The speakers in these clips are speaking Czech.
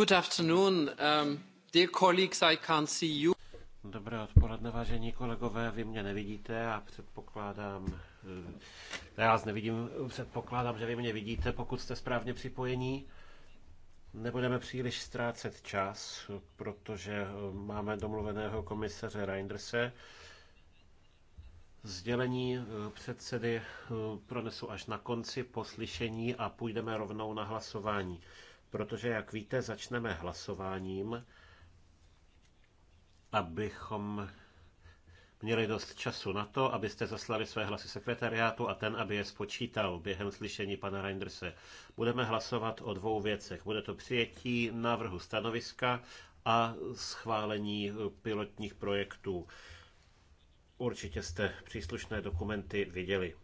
Um, Dobré odpoledne, vážení kolegové, vy mě nevidíte a předpokládám, eh, já vás nevidím, předpokládám, že vy mě vidíte, pokud jste správně připojení. Nebudeme příliš ztrácet čas, protože eh, máme domluveného komisaře Reinderse. Sdělení eh, předsedy pronesu až na konci poslyšení a půjdeme rovnou na hlasování protože, jak víte, začneme hlasováním, abychom měli dost času na to, abyste zaslali své hlasy sekretariátu a ten, aby je spočítal během slyšení pana Reinderse. Budeme hlasovat o dvou věcech. Bude to přijetí návrhu stanoviska a schválení pilotních projektů. Určitě jste příslušné dokumenty viděli.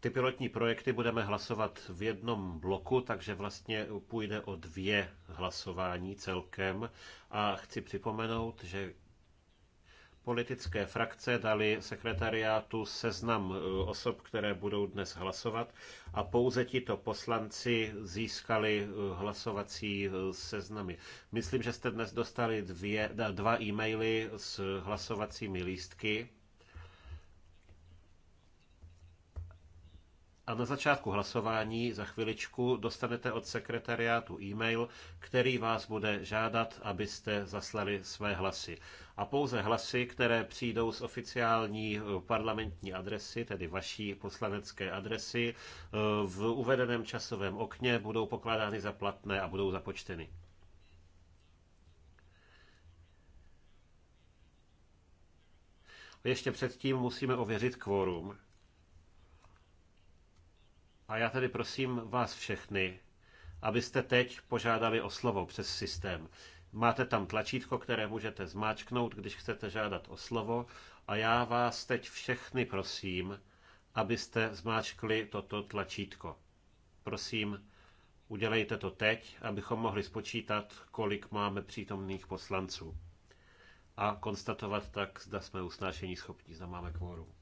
Ty pilotní projekty budeme hlasovat v jednom bloku, takže vlastně půjde o dvě hlasování celkem. A chci připomenout, že politické frakce dali sekretariátu seznam e, osob, které budou dnes hlasovat a pouze tito poslanci získali e, hlasovací e, seznamy. Myslím, že jste dnes dostali dvě, dva e-maily s hlasovacími lístky a na začátku hlasování za chviličku dostanete od sekretariátu e-mail, který vás bude žádat, abyste zaslali své hlasy. A pouze hlasy, které přijdou z oficiální eh, parlamentní adresy, tedy vaší poslanecké adresy, eh, v uvedeném časovém okně budou pokládány za platné a budou započteny. Ještě předtím musíme ověřit kvórum. A já tedy prosím vás všechny, abyste teď požádali o slovo přes systém. Máte tam tlačítko, které můžete zmáčknout, když chcete žádat o slovo. A já vás teď všechny prosím, abyste zmáčkli toto tlačítko. Prosím, udělejte to teď, abychom mohli spočítat, kolik máme přítomných poslanců. A konstatovat tak, zda jsme usnášení schopní, zda máme kvorum.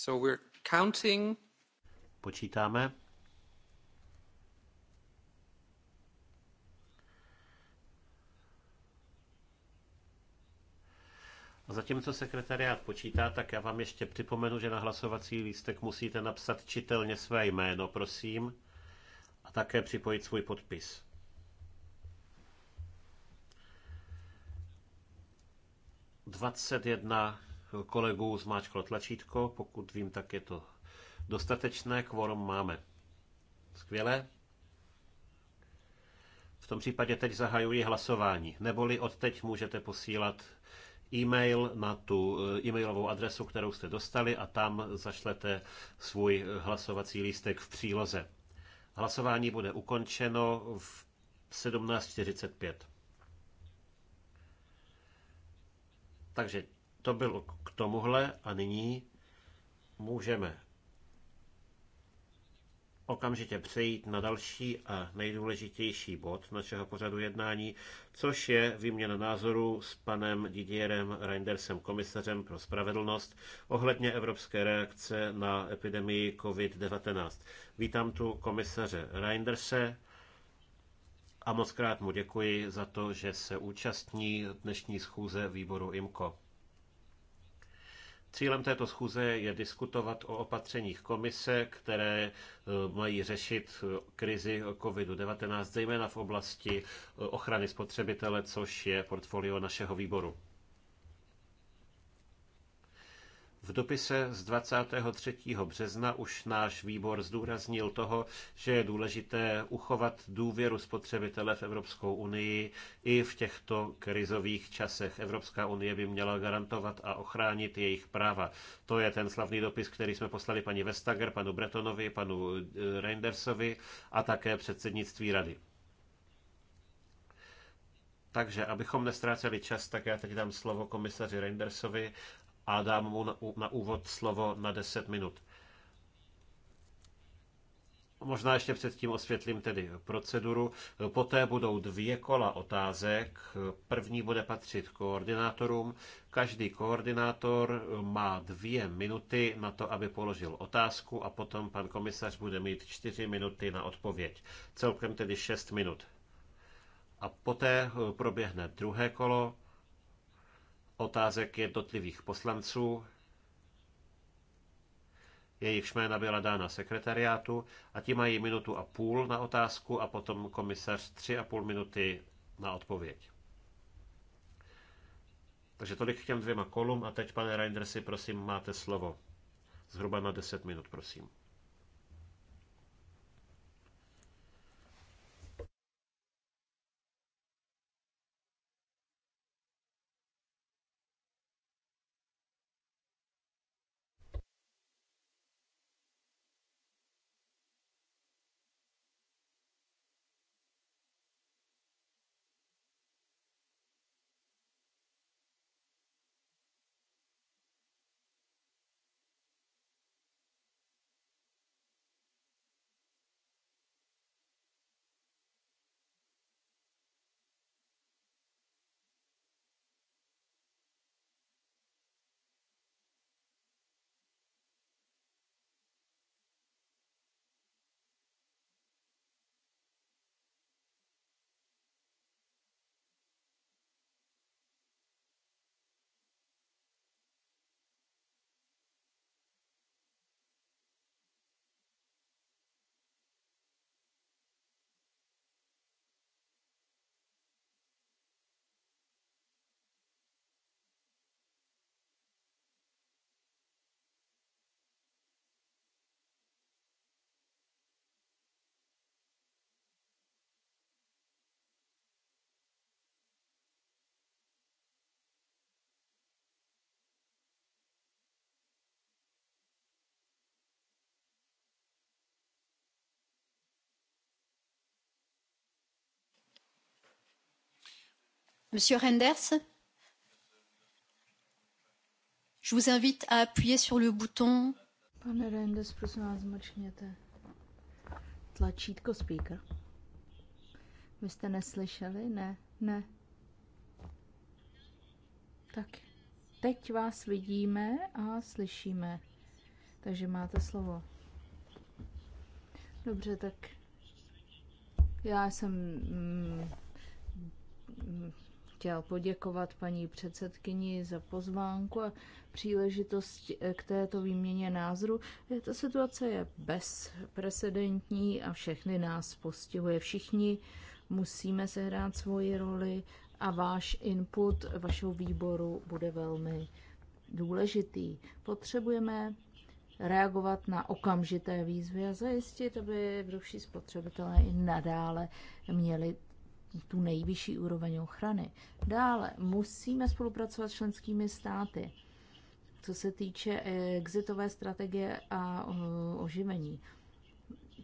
So we're counting. Počítáme. A zatímco sekretariát počítá, tak já vám ještě připomenu, že na hlasovací lístek musíte napsat čitelně své jméno, prosím, a také připojit svůj podpis. Dvacet jedna kolegů zmáčklo tlačítko. Pokud vím, tak je to dostatečné. Kvorum máme. Skvěle. V tom případě teď zahajuji hlasování. Neboli od teď můžete posílat e-mail na tu eh, e-mailovou adresu, kterou jste dostali a tam zašlete svůj hlasovací lístek v příloze. Hlasování bude ukončeno v 17.45. Takže to bylo k tomuhle a nyní můžeme okamžitě přejít na další a nejdůležitější bod našeho pořadu jednání, což je výměna názoru s panem Didierem Reindersem, komisařem pro spravedlnost, ohledně evropské reakce na epidemii COVID-19. Vítám tu komisaře Reinderse a moc krát mu děkuji za to, že se účastní dnešní schůze výboru IMCO. Cílem této schůze je diskutovat o opatřeních komise, které e, mají řešit e, krizi COVID-19, zejména v oblasti e, ochrany spotřebitele, což je portfolio našeho výboru. V dopise z 23. března už náš výbor zdůraznil toho, že je důležité uchovat důvěru spotřebitele v Evropskou unii i v těchto krizových časech. Evropská unie by měla garantovat a ochránit jejich práva. To je ten slavný dopis, který jsme poslali paní Vestager, panu Bretonovi, panu eh, Reindersovi a také předsednictví rady. Takže, abychom nestráceli čas, tak já teď dám slovo komisaři Reindersovi, a dám mu na úvod slovo na 10 minut. Možná ještě předtím osvětlím tedy proceduru. Poté budou dvě kola otázek. První bude patřit koordinátorům. Každý koordinátor má dvě minuty na to, aby položil otázku a potom pan komisař bude mít čtyři minuty na odpověď. Celkem tedy šest minut. A poté proběhne druhé kolo otázek jednotlivých poslanců, Jejich jména byla dána sekretariátu a ti mají minutu a půl na otázku a potom komisař tři a půl minuty na odpověď. Takže tolik k těm dvěma kolům a teď, pane Reinders, si prosím, máte slovo. Zhruba na 10 minut, prosím. Monsieur Renders, je vous invite à appuyer sur le bouton. Pane Renders, prosím vás, zmačkněte tlačítko speaker. Vy jste neslyšeli? Ne, ne. Tak, teď vás vidíme a slyšíme. Takže máte slovo. Dobře, tak já jsem mm, chtěl poděkovat paní předsedkyni za pozvánku a příležitost k této výměně názoru. Ta situace je bezprecedentní a všechny nás postihuje. Všichni musíme sehrát svoji roli a váš input vašeho výboru bude velmi důležitý. Potřebujeme reagovat na okamžité výzvy a zajistit, aby evropští spotřebitelé i nadále měli tu nejvyšší úroveň ochrany. Dále musíme spolupracovat s členskými státy, co se týče exitové strategie a oživení.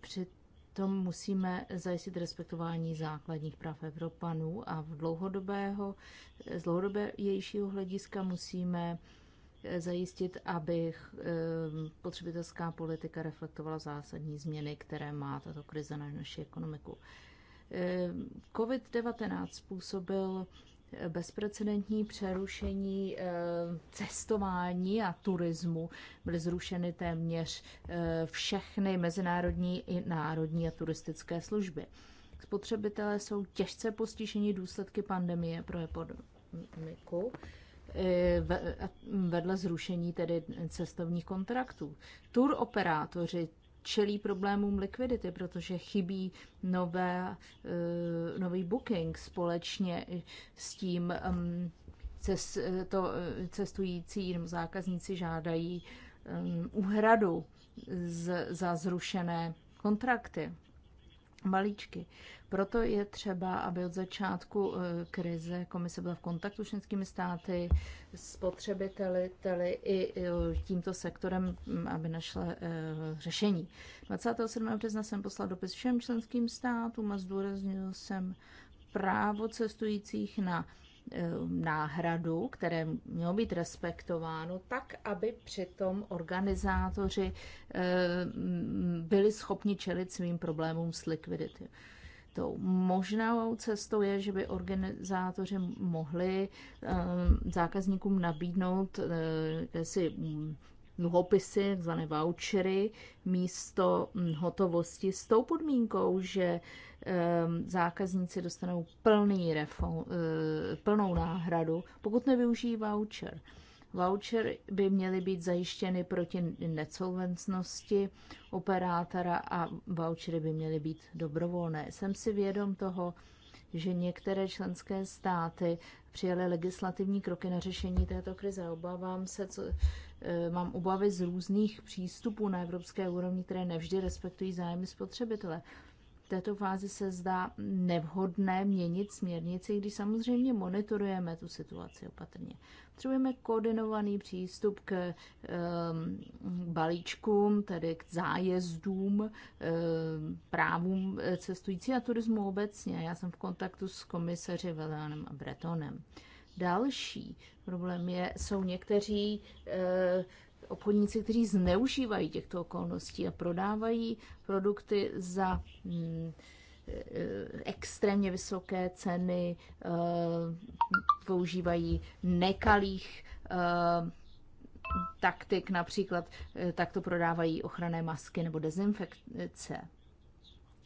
Přitom musíme zajistit respektování základních práv Evropanů a v dlouhodobého, z dlouhodobějšího hlediska musíme e, zajistit, aby e, potřebitelská politika reflektovala zásadní změny, které má tato krize na naši ekonomiku. COVID-19 způsobil bezprecedentní přerušení eh, cestování a turismu. Byly zrušeny téměř eh, všechny mezinárodní i národní a turistické služby. Spotřebitelé jsou těžce postiženi důsledky pandemie pro ekonomiku eh, vedle zrušení tedy cestovních kontraktů. Tur operátoři čelí problémům likvidity, protože chybí nové, eh, nový booking společně s tím cest, eh, to eh, cestující nebo zákazníci žádají úhradu za zrušené kontrakty balíčky. Proto je třeba, aby od začátku eh, krize komise byla v kontaktu s členskými státy, s teli i eh, tímto sektorem, mm, aby našla eh, řešení. 27. března jsem poslal dopis všem členským státům a zdůraznil jsem právo cestujících na Eh, náhradu, které mělo být respektováno, tak, aby přitom organizátoři eh, byli schopni čelit svým problémům s likvidity. Tou možnou cestou je, že by organizátoři mohli eh, zákazníkům nabídnout si mm, dluhopisy, takzvané vouchery, místo hm, hotovosti s tou podmínkou, že Ehm, zákazníci dostanou plný refo, eh, plnou náhradu, pokud nevyužijí voucher. Voucher by měly být zajištěny proti necouvencnosti operátora a vouchery by měly být dobrovolné. Jsem si vědom toho, že některé členské státy přijaly legislativní kroky na řešení této krize. Obávám se, co, eh, mám obavy z různých přístupů na evropské úrovni, které nevždy respektují zájmy spotřebitele této fázi se zdá nevhodné měnit směrnici, když samozřejmě monitorujeme tu situaci opatrně. Potřebujeme koordinovaný přístup k um, balíčkům, tedy k zájezdům, um, právům e, cestující a turismu obecně. Já jsem v kontaktu s komisaři Velánem a Bretonem. Další problém je, jsou někteří e, obchodníci, kteří zneužívají těchto okolností a prodávají produkty za mm, eh, extrémně vysoké ceny, eh, používají nekalých eh, taktik, například takto prodávají ochranné masky nebo dezinfekce.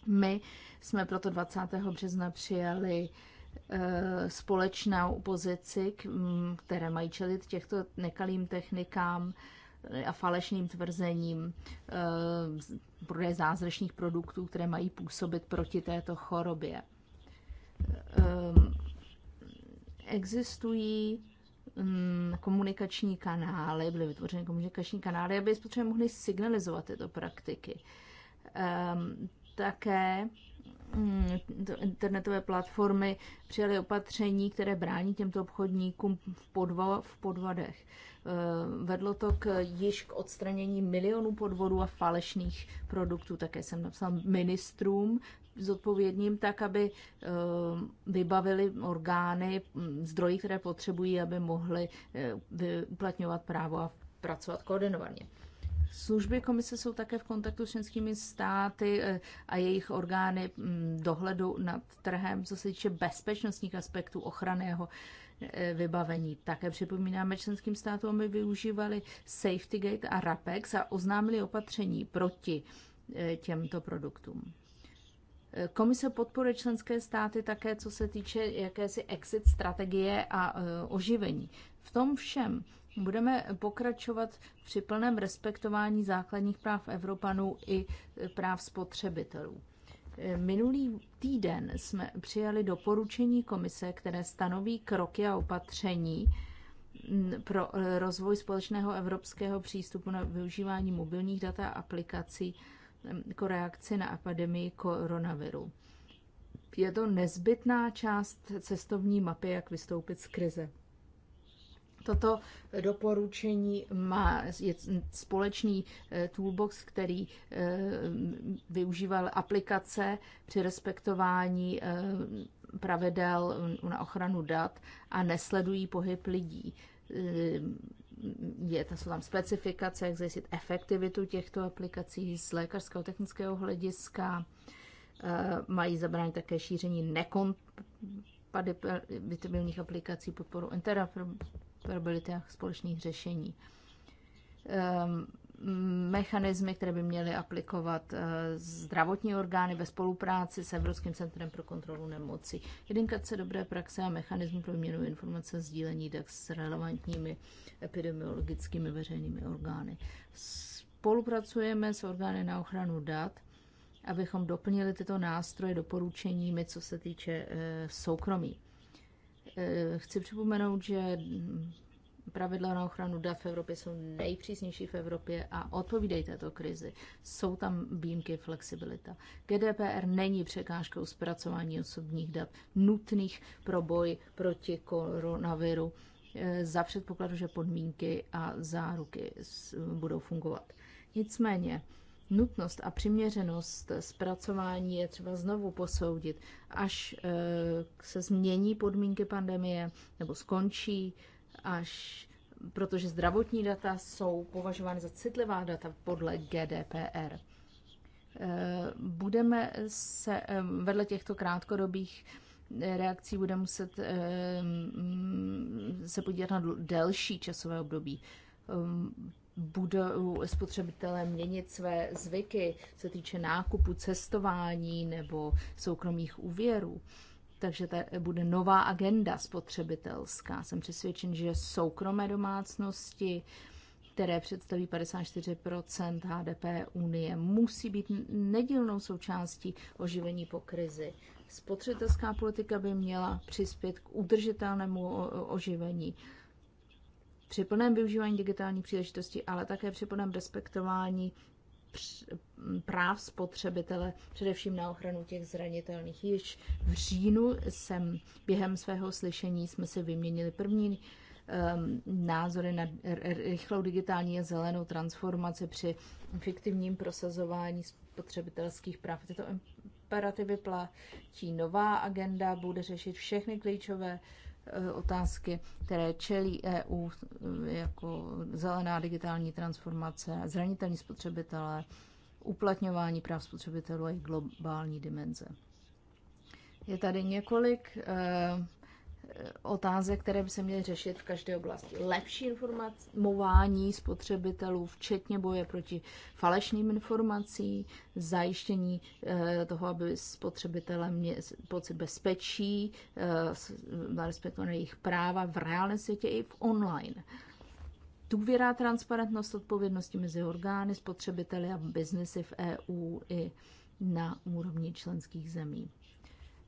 My jsme proto 20. března přijali společnou pozici, mm, které mají čelit těchto nekalým technikám a falešným tvrzením eh, prodeje zázračných produktů, které mají působit proti této chorobě. Ehm, existují hm, komunikační kanály, byly vytvořeny komunikační kanály, aby spotřeby mohli signalizovat tyto praktiky. Ehm, také hm, internetové platformy přijaly opatření, které brání těmto obchodníkům v, podva, v podvadech. Eh, vedlo to k, již k odstranění milionů podvodů a falešných produktů. Také jsem napsal ministrům zodpovědním tak, aby eh, vybavili orgány, hm, zdroji, které potřebují, aby mohli eh, uplatňovat právo a pracovat koordinovaně. Služby komise jsou také v kontaktu s členskými státy a jejich orgány hm, dohledu nad trhem, co se týče bezpečnostních aspektů ochranného E, vybavení. Také připomínáme členským státům, aby využívali Safety Gate a RAPEX a oznámili opatření proti e, těmto produktům. E, komise podporuje členské státy také, co se týče jakési exit strategie a oživení. V tom všem budeme pokračovat při plném respektování základních práv Evropanů i práv spotřebitelů. Minulý týden jsme přijali doporučení komise, které stanoví kroky a opatření pro rozvoj společného evropského přístupu na využívání mobilních dat a aplikací jako reakci na epidemii koronaviru. Je to nezbytná část cestovní mapy, jak vystoupit z krize. Toto doporučení má je společný eh, toolbox, který eh, využíval aplikace při respektování eh, pravidel na ochranu dat a nesledují pohyb lidí. Je, to jsou tam specifikace, jak zajistit efektivitu těchto aplikací z lékařského technického hlediska. Mají zabránit také šíření nekompatibilních aplikací, podporu interoperability probabilitách společných řešení. Ehm, mechanismy, které by měly aplikovat eh, zdravotní orgány ve spolupráci s Evropským centrem pro kontrolu nemocí. Jedinkace dobré praxe a mechanismy pro měnu informace sdílení tak s relevantními epidemiologickými veřejnými orgány. Spolupracujeme s orgány na ochranu dat, abychom doplnili tyto nástroje doporučeními, co se týče eh, soukromí Eh, chci připomenout, že pravidla na ochranu dat v Evropě jsou nejpřísnější v Evropě a odpovídají této krizi. Jsou tam výjimky, flexibilita. GDPR není překážkou zpracování osobních dat nutných pro boj proti koronaviru eh, za předpokladu, že podmínky a záruky budou fungovat. Nicméně, Nutnost a přiměřenost zpracování je třeba znovu posoudit, až eh, se změní podmínky pandemie nebo skončí, až protože zdravotní data jsou považovány za citlivá data podle GDPR. Eh, budeme se eh, vedle těchto krátkodobých reakcí bude muset mm, se podívat na delší časové období budou spotřebitelé měnit své zvyky, se týče nákupu, cestování nebo soukromých úvěrů. Takže to bude nová agenda spotřebitelská. Jsem přesvědčen, že soukromé domácnosti, které představí 54 HDP Unie, musí být nedílnou součástí oživení po krizi. Spotřebitelská politika by měla přispět k udržitelnému oživení při plném využívání digitální příležitosti, ale také při plném respektování práv spotřebitele, především na ochranu těch zranitelných. Již v říjnu jsem během svého slyšení jsme si vyměnili první um, názory na rychlou digitální a zelenou transformaci při fiktivním prosazování spotřebitelských práv. Tyto imperativy platí nová agenda, bude řešit všechny klíčové Eh, otázky, které čelí EU, eh, jako zelená digitální transformace, zranitelní spotřebitelé, uplatňování práv spotřebitelů a jejich globální dimenze. Je tady několik eh, otázek, které by se měly řešit v každé oblasti. Lepší informování spotřebitelů, včetně boje proti falešným informacím, zajištění eh, toho, aby spotřebitelé měli pocit bezpečí, eh, respektované jejich práva v reálném světě i v online. Důvěra, transparentnost, odpovědnosti mezi orgány, spotřebiteli a biznesy v EU i na úrovni členských zemí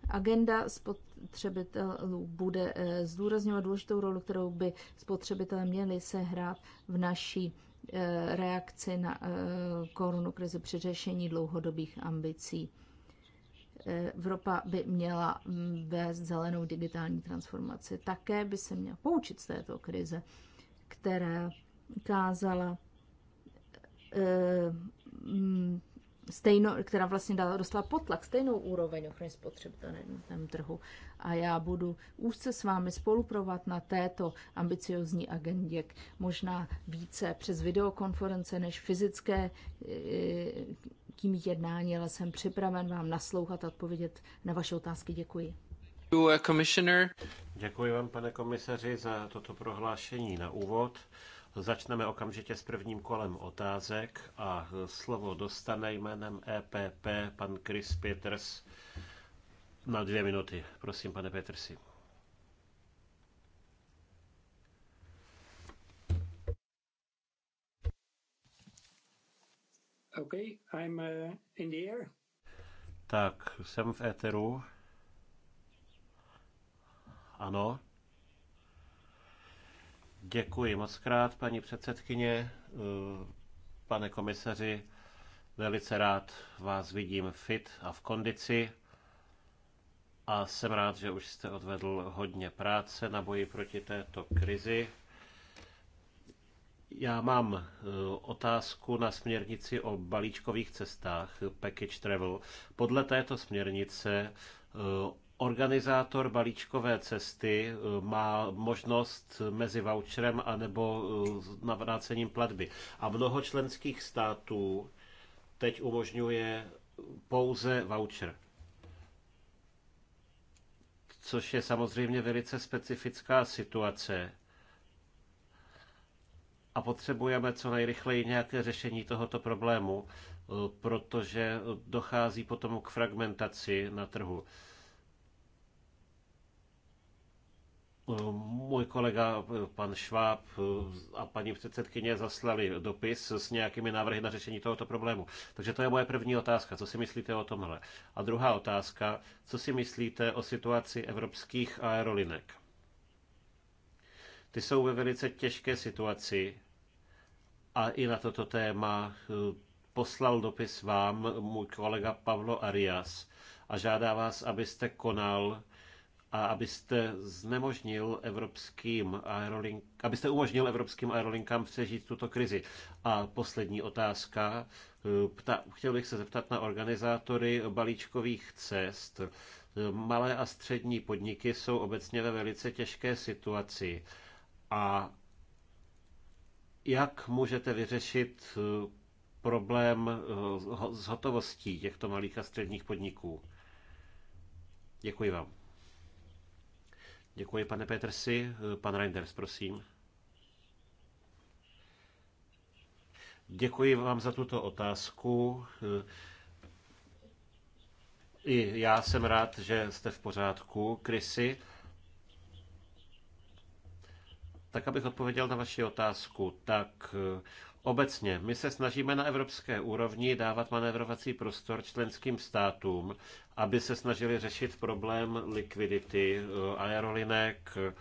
Agenda spotřebitelů bude eh, zdůrazňovat důležitou roli, kterou by spotřebitelé měli sehrát v naší eh, reakci na eh, korunu krizi při řešení dlouhodobých ambicí. Evropa by měla mm, vést zelenou digitální transformaci. Také by se měla poučit z této krize, která ukázala mm, stejno, která vlastně dostala potlak, stejnou úroveň ochrany spotřebitele na tom trhu. A já budu úzce s vámi spoluprovat na této ambiciozní agendě, možná více přes videokonference než fyzické e, tím jednání, ale jsem připraven vám naslouchat a odpovědět na vaše otázky. Děkuji. Uh, Děkuji vám, pane komisaři, za toto prohlášení na úvod. Začneme okamžitě s prvním kolem otázek a slovo dostane jménem EPP pan Chris Peters na dvě minuty. Prosím, pane Petersi. Okay, I'm uh, in the air. Tak, jsem v éteru. Ano. Děkuji moc krát, paní předsedkyně, eh, pane komisaři. Velice rád vás vidím fit a v kondici a jsem rád, že už jste odvedl hodně práce na boji proti této krizi. Já mám eh, otázku na směrnici o balíčkových cestách, package travel. Podle této směrnice eh, organizátor balíčkové cesty eh, má možnost mezi voucherem a nebo eh, navrácením platby. A mnoho členských států teď umožňuje pouze voucher. Což je samozřejmě velice specifická situace. A potřebujeme co nejrychleji nějaké řešení tohoto problému, eh, protože dochází potom k fragmentaci na trhu. Můj kolega, pan Šváb a paní předsedkyně zaslali dopis s nějakými návrhy na řešení tohoto problému. Takže to je moje první otázka. Co si myslíte o tomhle? A druhá otázka, co si myslíte o situaci evropských aerolinek? Ty jsou ve velice těžké situaci a i na toto téma eh, poslal dopis vám můj kolega Pavlo Arias a žádá vás, abyste konal a abyste znemožnil evropským aerolink, abyste umožnil evropským aerolinkám přežít tuto krizi. A poslední otázka. Pta, chtěl bych se zeptat na organizátory balíčkových cest. Malé a střední podniky jsou obecně ve velice těžké situaci. A jak můžete vyřešit eh, problém s eh, hotovostí těchto malých a středních podniků? Děkuji vám. Děkuji, pane Petersi. Pan Reinders, prosím. Děkuji vám za tuto otázku. I já jsem rád, že jste v pořádku, Krysy. Tak abych odpověděl na vaši otázku, tak Obecně, my se snažíme na evropské úrovni dávat manévrovací prostor členským státům, aby se snažili řešit problém likvidity eh, aerolinek eh,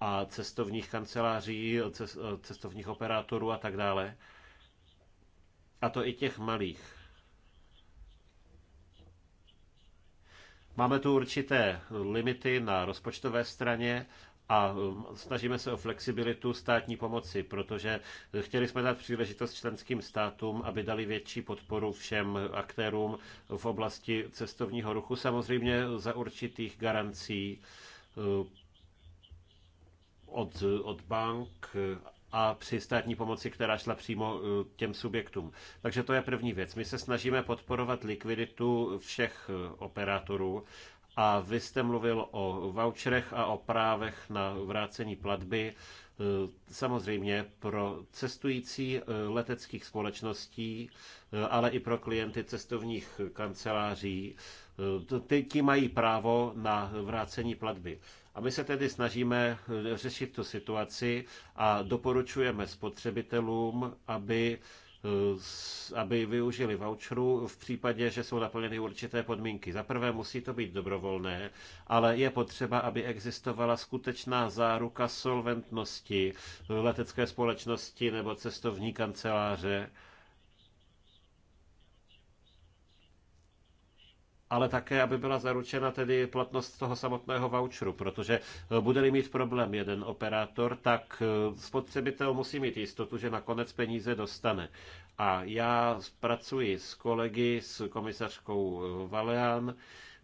a cestovních kanceláří, eh, cestovních operátorů a tak dále. A to i těch malých. Máme tu určité limity na rozpočtové straně a um, snažíme se o flexibilitu státní pomoci, protože chtěli jsme dát příležitost členským státům, aby dali větší podporu všem aktérům v oblasti cestovního ruchu, samozřejmě za určitých garancí uh, od, od bank a při státní pomoci, která šla přímo uh, těm subjektům. Takže to je první věc. My se snažíme podporovat likviditu všech uh, operátorů a vy jste mluvil o voucherech a o právech na vrácení platby. E, samozřejmě pro cestující e, leteckých společností, e, ale i pro klienty cestovních kanceláří. ty Ti mají právo na vrácení platby. A my se tedy snažíme řešit tu situaci a doporučujeme spotřebitelům, aby Eh, aby využili voucheru v případě, že jsou naplněny určité podmínky. Za prvé musí to být dobrovolné, ale je potřeba, aby existovala skutečná záruka solventnosti letecké společnosti nebo cestovní kanceláře ale také, aby byla zaručena tedy platnost toho samotného voucheru, protože eh, bude-li mít problém jeden operátor, tak eh, spotřebitel musí mít jistotu, že nakonec peníze dostane. A já pracuji s kolegy, s komisařkou eh, Valean,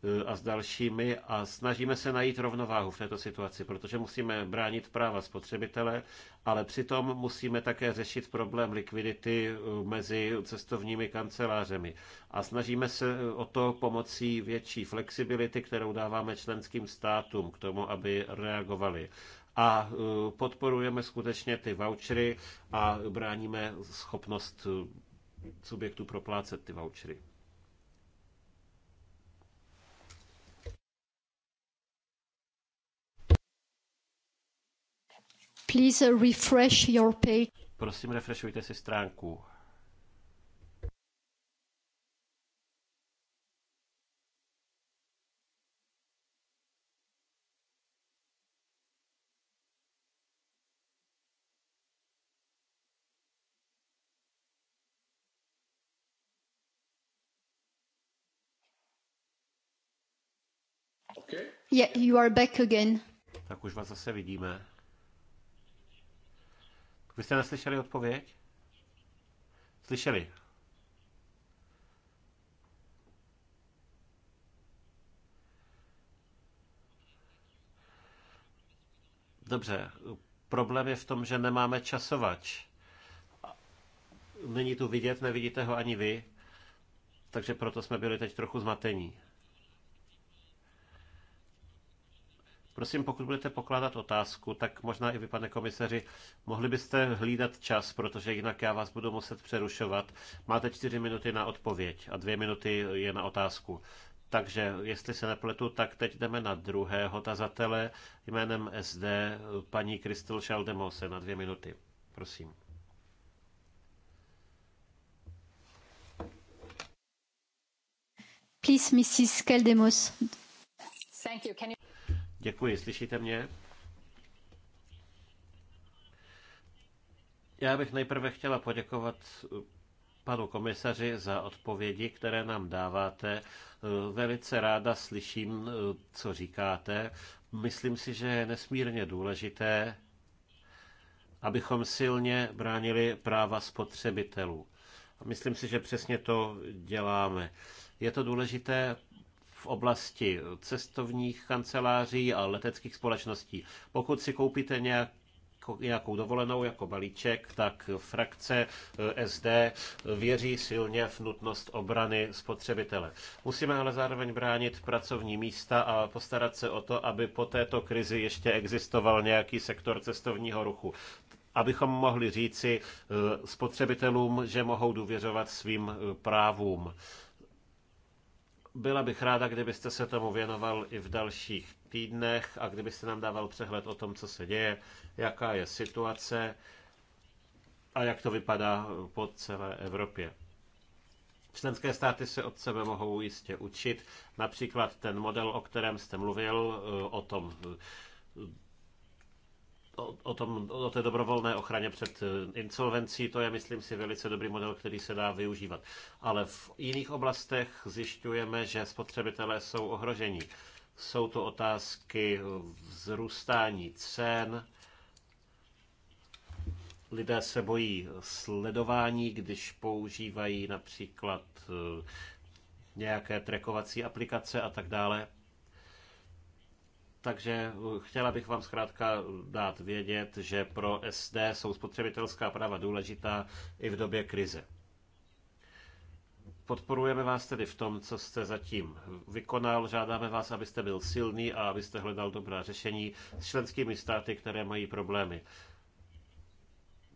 E, a s dalšími a snažíme se najít rovnováhu v této situaci, protože musíme bránit práva spotřebitele, ale přitom musíme také řešit problém likvidity e, mezi cestovními kancelářemi. A snažíme se e, o to pomocí větší flexibility, kterou dáváme členským státům k tomu, aby reagovali a podporujeme skutečně ty vouchery a bráníme schopnost subjektů proplácet ty vouchery. please refresh your page. Prosím, refreshujte si stránku. Okay. Yeah, you are back again. Tak už vás zase vidíme. Vy jste neslyšeli odpověď? Slyšeli. Dobře, problém je v tom, že nemáme časovač. Není tu vidět, nevidíte ho ani vy, takže proto jsme byli teď trochu zmatení. Prosím, pokud budete pokládat otázku, tak možná i vy, pane komisaři, mohli byste hlídat čas, protože jinak já vás budu muset přerušovat. Máte čtyři minuty na odpověď a dvě minuty je na otázku. Takže, jestli se nepletu, tak teď jdeme na druhého tazatele jménem SD, paní Kristel Šaldemose, na dvě minuty. Prosím. Please, Mrs. Keldemos. Thank you. Can you... Děkuji, slyšíte mě? Já bych nejprve chtěla poděkovat uh, panu komisaři za odpovědi, které nám dáváte. Uh, velice ráda slyším, uh, co říkáte. Myslím si, že je nesmírně důležité, abychom silně bránili práva spotřebitelů. Myslím si, že přesně to děláme. Je to důležité v oblasti cestovních kanceláří a leteckých společností. Pokud si koupíte nějak nějakou dovolenou jako balíček, tak frakce eh, SD věří silně v nutnost obrany spotřebitele. Musíme ale zároveň bránit pracovní místa a postarat se o to, aby po této krizi ještě existoval nějaký sektor cestovního ruchu abychom mohli říci eh, spotřebitelům, že mohou důvěřovat svým eh, právům. Byla bych ráda, kdybyste se tomu věnoval i v dalších týdnech a kdybyste nám dával přehled o tom, co se děje, jaká je situace a jak to vypadá po celé Evropě. Členské státy se od sebe mohou jistě učit. Například ten model, o kterém jste mluvil, e, o tom o, tom, o té dobrovolné ochraně před eh, insolvencí, to je, myslím si, velice dobrý model, který se dá využívat. Ale v jiných oblastech zjišťujeme, že spotřebitelé jsou ohroženi. Jsou to otázky eh, vzrůstání cen, lidé se bojí sledování, když používají například eh, nějaké trekovací aplikace a tak dále. Takže uh, chtěla bych vám zkrátka dát vědět, že pro SD jsou spotřebitelská práva důležitá i v době krize. Podporujeme vás tedy v tom, co jste zatím vykonal. Žádáme vás, abyste byl silný a abyste hledal dobrá řešení s členskými státy, které mají problémy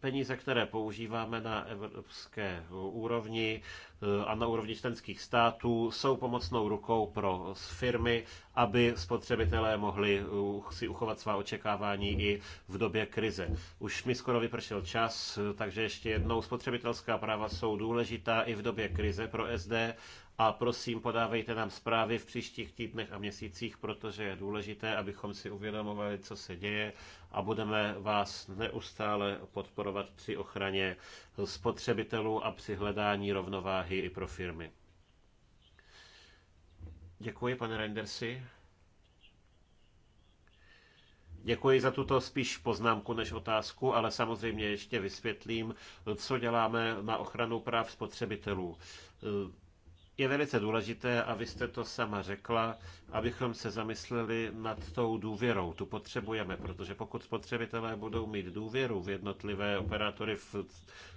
peníze, které používáme na evropské úrovni eh, a na úrovni členských států, jsou pomocnou rukou pro firmy, aby spotřebitelé mohli eh, si uchovat svá očekávání i v době krize. Už mi skoro vypršel čas, eh, takže ještě jednou spotřebitelská práva jsou důležitá i v době krize pro SD a prosím podávejte nám zprávy v příštích týdnech a měsících, protože je důležité, abychom si uvědomovali, co se děje a budeme vás neustále podporovat při ochraně spotřebitelů a při hledání rovnováhy i pro firmy. Děkuji, pane Rendersi. Děkuji za tuto spíš poznámku než otázku, ale samozřejmě ještě vysvětlím, co děláme na ochranu práv spotřebitelů je velice důležité, a vy jste to sama řekla, abychom se zamysleli nad tou důvěrou. Tu potřebujeme, protože pokud spotřebitelé budou mít důvěru v jednotlivé operátory v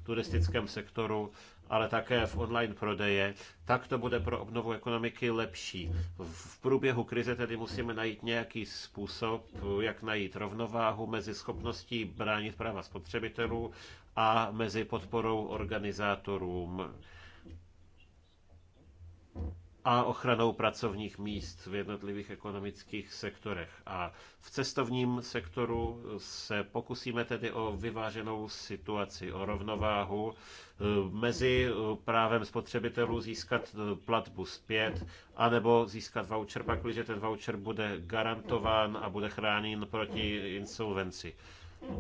turistickém sektoru, ale také v online prodeje, tak to bude pro obnovu ekonomiky lepší. V průběhu krize tedy musíme najít nějaký způsob, jak najít rovnováhu mezi schopností bránit práva spotřebitelů a mezi podporou organizátorům a ochranou pracovních míst v jednotlivých ekonomických sektorech. A v cestovním sektoru se pokusíme tedy o vyváženou situaci, o rovnováhu e, mezi e, právem spotřebitelů získat e, platbu zpět, anebo získat voucher, pakliže ten voucher bude garantován a bude chráněn proti insolvenci.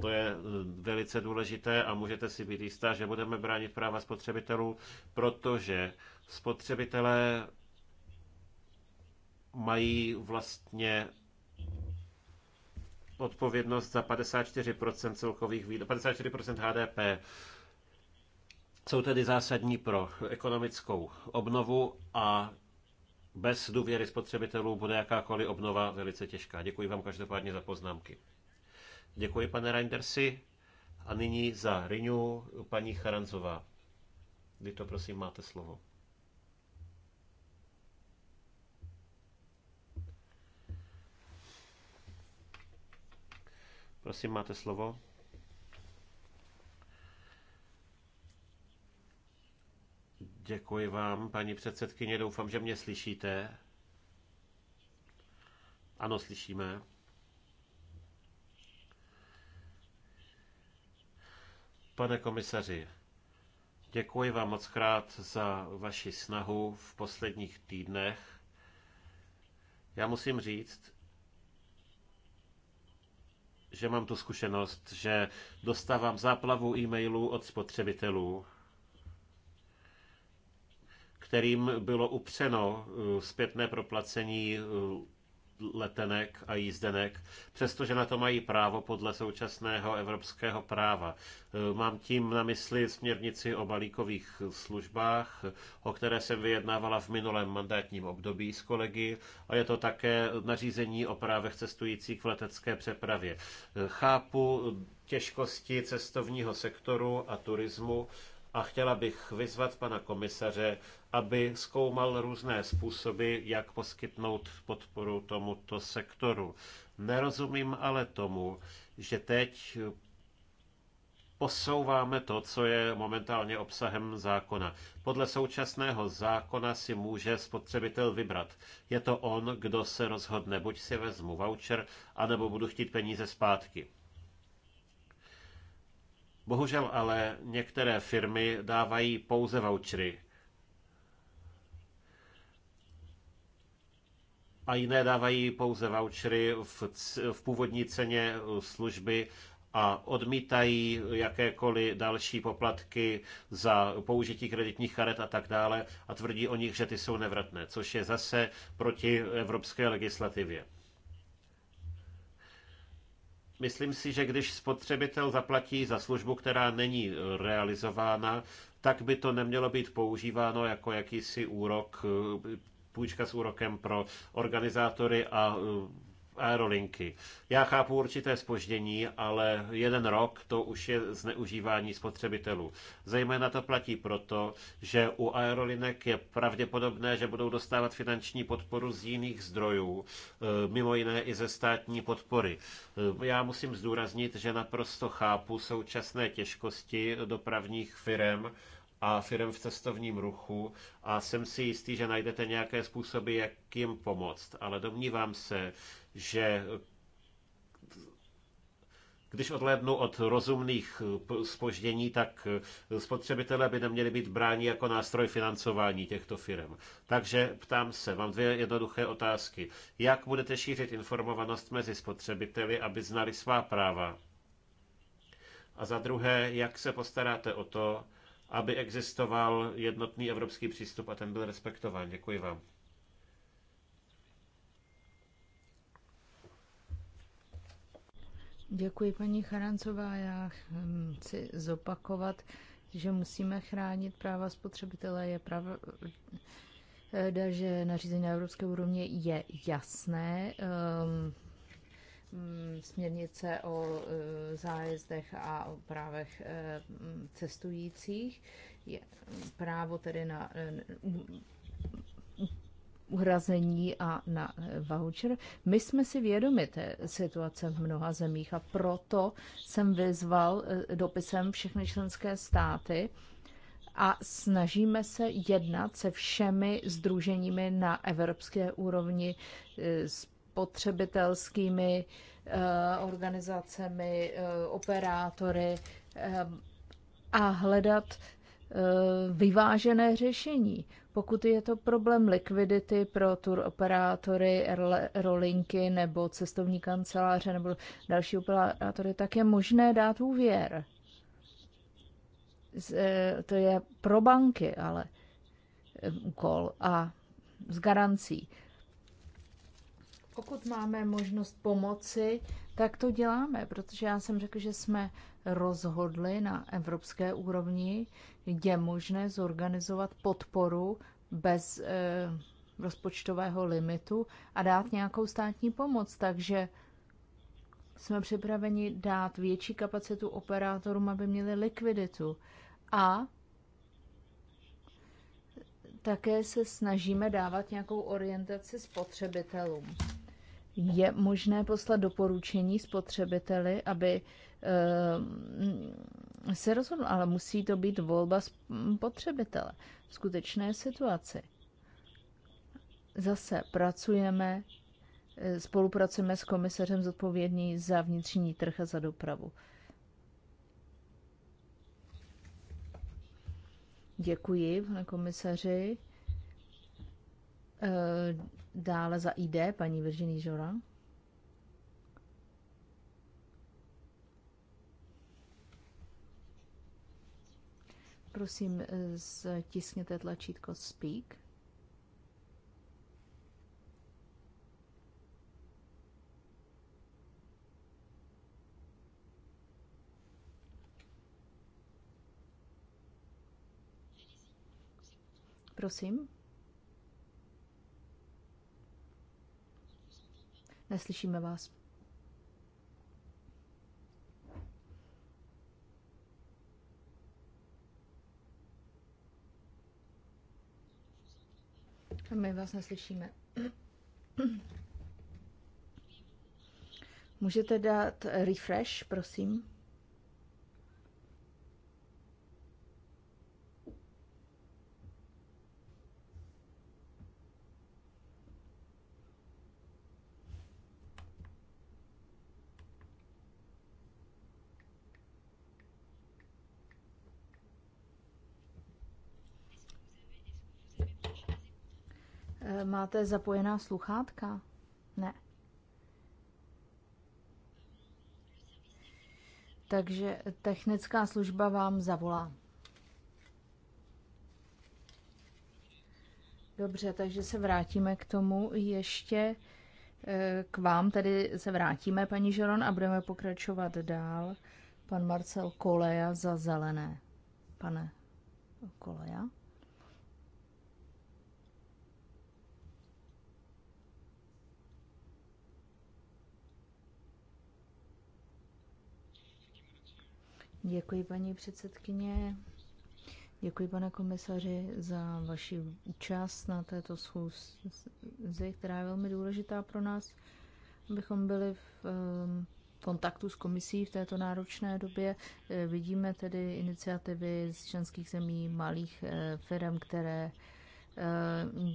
To je velice důležité a můžete si být jistá, že budeme bránit práva spotřebitelů, protože spotřebitelé mají vlastně odpovědnost za 54% celkových výdajů, 54% HDP. Jsou tedy zásadní pro ekonomickou obnovu a bez důvěry spotřebitelů bude jakákoliv obnova velice těžká. Děkuji vám každopádně za poznámky. Děkuji, pane Reindersi. A nyní za Rinu paní Charanzová. Vy to prosím máte slovo. Prosím, máte slovo. Děkuji vám, paní předsedkyně, doufám, že mě slyšíte. Ano, slyšíme. Pane komisaři, děkuji vám moc krát za vaši snahu v posledních týdnech. Já musím říct, že mám tu zkušenost, že dostávám záplavu e-mailů od spotřebitelů, kterým bylo upřeno eh, zpětné proplacení eh, letenek a jízdenek, přestože na to mají právo podle současného evropského práva. E, mám tím na mysli směrnici o balíkových službách, o které jsem vyjednávala v minulém mandátním období s kolegy, a je to také nařízení o právech cestujících v letecké přepravě. E, chápu těžkosti cestovního sektoru a turismu a chtěla bych vyzvat pana komisaře, aby zkoumal různé způsoby, jak poskytnout podporu tomuto sektoru. Nerozumím ale tomu, že teď posouváme to, co je momentálně obsahem zákona. Podle současného zákona si může spotřebitel vybrat. Je to on, kdo se rozhodne, buď si vezmu voucher, anebo budu chtít peníze zpátky. Bohužel ale některé firmy dávají pouze vouchery a jiné dávají pouze vouchery v, v původní ceně eh, služby a odmítají jakékoliv další poplatky za použití kreditních karet a tak dále a tvrdí o nich, že ty jsou nevratné, což je zase proti evropské legislativě. Myslím si, že když spotřebitel zaplatí za službu, která není eh, realizována, tak by to nemělo být používáno jako jakýsi úrok eh, půjčka s úrokem pro organizátory a uh, aerolinky. Já chápu určité spoždění, ale jeden rok to už je zneužívání spotřebitelů. Zejména to platí proto, že u aerolinek je pravděpodobné, že budou dostávat finanční podporu z jiných zdrojů, uh, mimo jiné i ze státní podpory. Uh, já musím zdůraznit, že naprosto chápu současné těžkosti dopravních firm a firm v cestovním ruchu a jsem si jistý, že najdete nějaké způsoby, jak jim pomoct. Ale domnívám se, že když odhlédnu od rozumných spoždění, tak spotřebitelé by neměli být bráni jako nástroj financování těchto firm. Takže ptám se, mám dvě jednoduché otázky. Jak budete šířit informovanost mezi spotřebiteli, aby znali svá práva? A za druhé, jak se postaráte o to, aby existoval jednotný evropský přístup a ten byl respektován. Děkuji vám. Děkuji, paní Charancová. Já hm, chci zopakovat, že musíme chránit práva spotřebitele. Je pravda, eh, že nařízení na evropské úrovně je jasné. Um, Mm, směrnice o e, zájezdech a o právech e, cestujících. Je právo tedy na e, uhrazení a na voucher. My jsme si vědomi té situace v mnoha zemích a proto jsem vyzval dopisem všechny členské státy a snažíme se jednat se všemi združeními na evropské úrovni s spotřebitelskými eh, organizacemi, eh, operátory eh, a hledat vyvážené řešení. Pokud je to problém likvidity pro tur operátory, rolinky nebo cestovní kanceláře nebo další operátory, tak je možné dát úvěr. To je pro banky ale úkol a s garancí. Pokud máme možnost pomoci, tak to děláme, protože já jsem řekl, že jsme rozhodli na evropské úrovni, je možné zorganizovat podporu bez e, rozpočtového limitu a dát nějakou státní pomoc. Takže jsme připraveni dát větší kapacitu operátorům, aby měli likviditu. A také se snažíme dávat nějakou orientaci spotřebitelům je možné poslat doporučení spotřebiteli, aby eh, se rozhodl, ale musí to být volba spotřebitele v skutečné situaci. Zase pracujeme, eh, spolupracujeme s komisařem zodpovědný za vnitřní trh a za dopravu. Děkuji, pane komisaři eh, Dále za ID paní Virginie Žora. Prosím, eh, stiskněte tlačítko Speak. Prosím. Neslyšíme vás. A my vás neslyšíme. Můžete dát refresh, prosím? Máte zapojená sluchátka? Ne. Takže technická služba vám zavolá. Dobře, takže se vrátíme k tomu ještě. Eh, k vám tedy se vrátíme, paní Žeron, a budeme pokračovat dál. Pan Marcel Koleja za zelené. Pane Koleja. Děkuji, paní předsedkyně. Děkuji, pane komisaři, za vaši účast na této schůzi, která je velmi důležitá pro nás, abychom byli v ehm, kontaktu s komisí v této náročné době. E, vidíme tedy iniciativy z členských zemí malých e, firm, které e,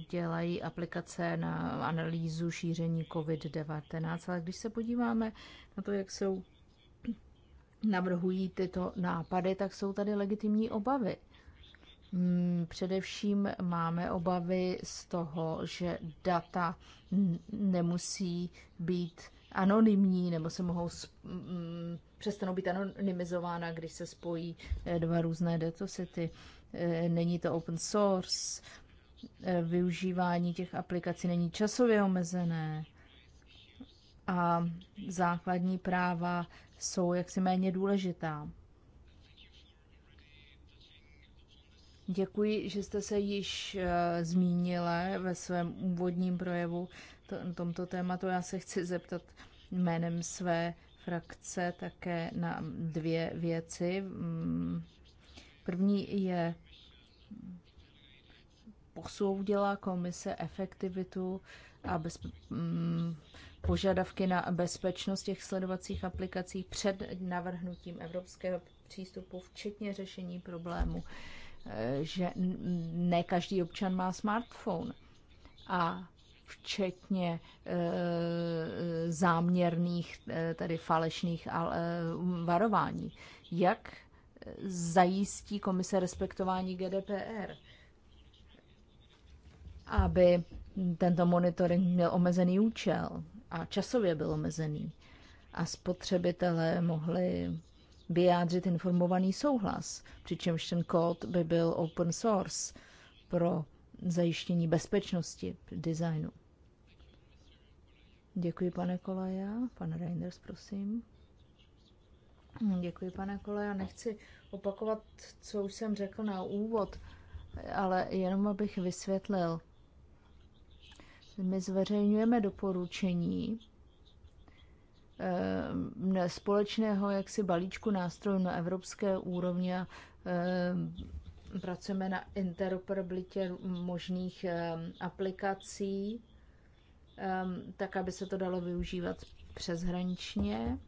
dělají aplikace na analýzu šíření COVID-19. Ale když se podíváme na to, jak jsou navrhují tyto nápady, tak jsou tady legitimní obavy. Hmm, především máme obavy z toho, že data nemusí být anonymní nebo se mohou mm, přestanou být anonymizována, když se spojí eh, dva různé datosety. Eh, není to open source, eh, využívání těch aplikací není časově omezené a základní práva jsou jaksi méně důležitá. Děkuji, že jste se již uh, zmínila ve svém úvodním projevu to, tomto tématu. Já se chci zeptat jménem své frakce také na dvě věci. Mm, první je, posoudila komise efektivitu a bez, mm, požadavky na bezpečnost těch sledovacích aplikací před navrhnutím evropského přístupu, včetně řešení problému, eh, že ne každý občan má smartphone a včetně eh, záměrných, eh, tedy falešných varování. Jak zajistí komise respektování GDPR, aby tento monitoring měl omezený účel? a časově byl omezený a spotřebitelé mohli vyjádřit informovaný souhlas, přičemž ten kód by byl open source pro zajištění bezpečnosti designu. Děkuji, pane Kolaja. Pan Reinders, prosím. Děkuji, pane Kolaja. Nechci opakovat, co už jsem řekl na úvod, ale jenom abych vysvětlil my zveřejňujeme doporučení ehm, společného jaksi balíčku nástrojů na evropské úrovni a ehm, pracujeme na interoperabilitě možných ehm, aplikací, tak aby se to dalo využívat přeshraničně.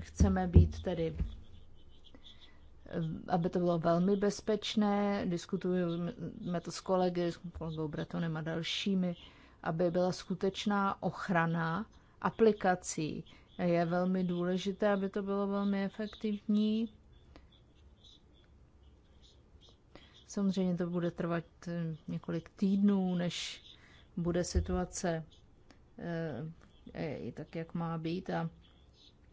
Chceme být tedy aby to bylo velmi bezpečné. Diskutujeme to s kolegy, s kolegou Bretonem a dalšími, aby byla skutečná ochrana aplikací. Je velmi důležité, aby to bylo velmi efektivní. Samozřejmě to bude trvat eh, několik týdnů, než bude situace eh, i tak, jak má být. A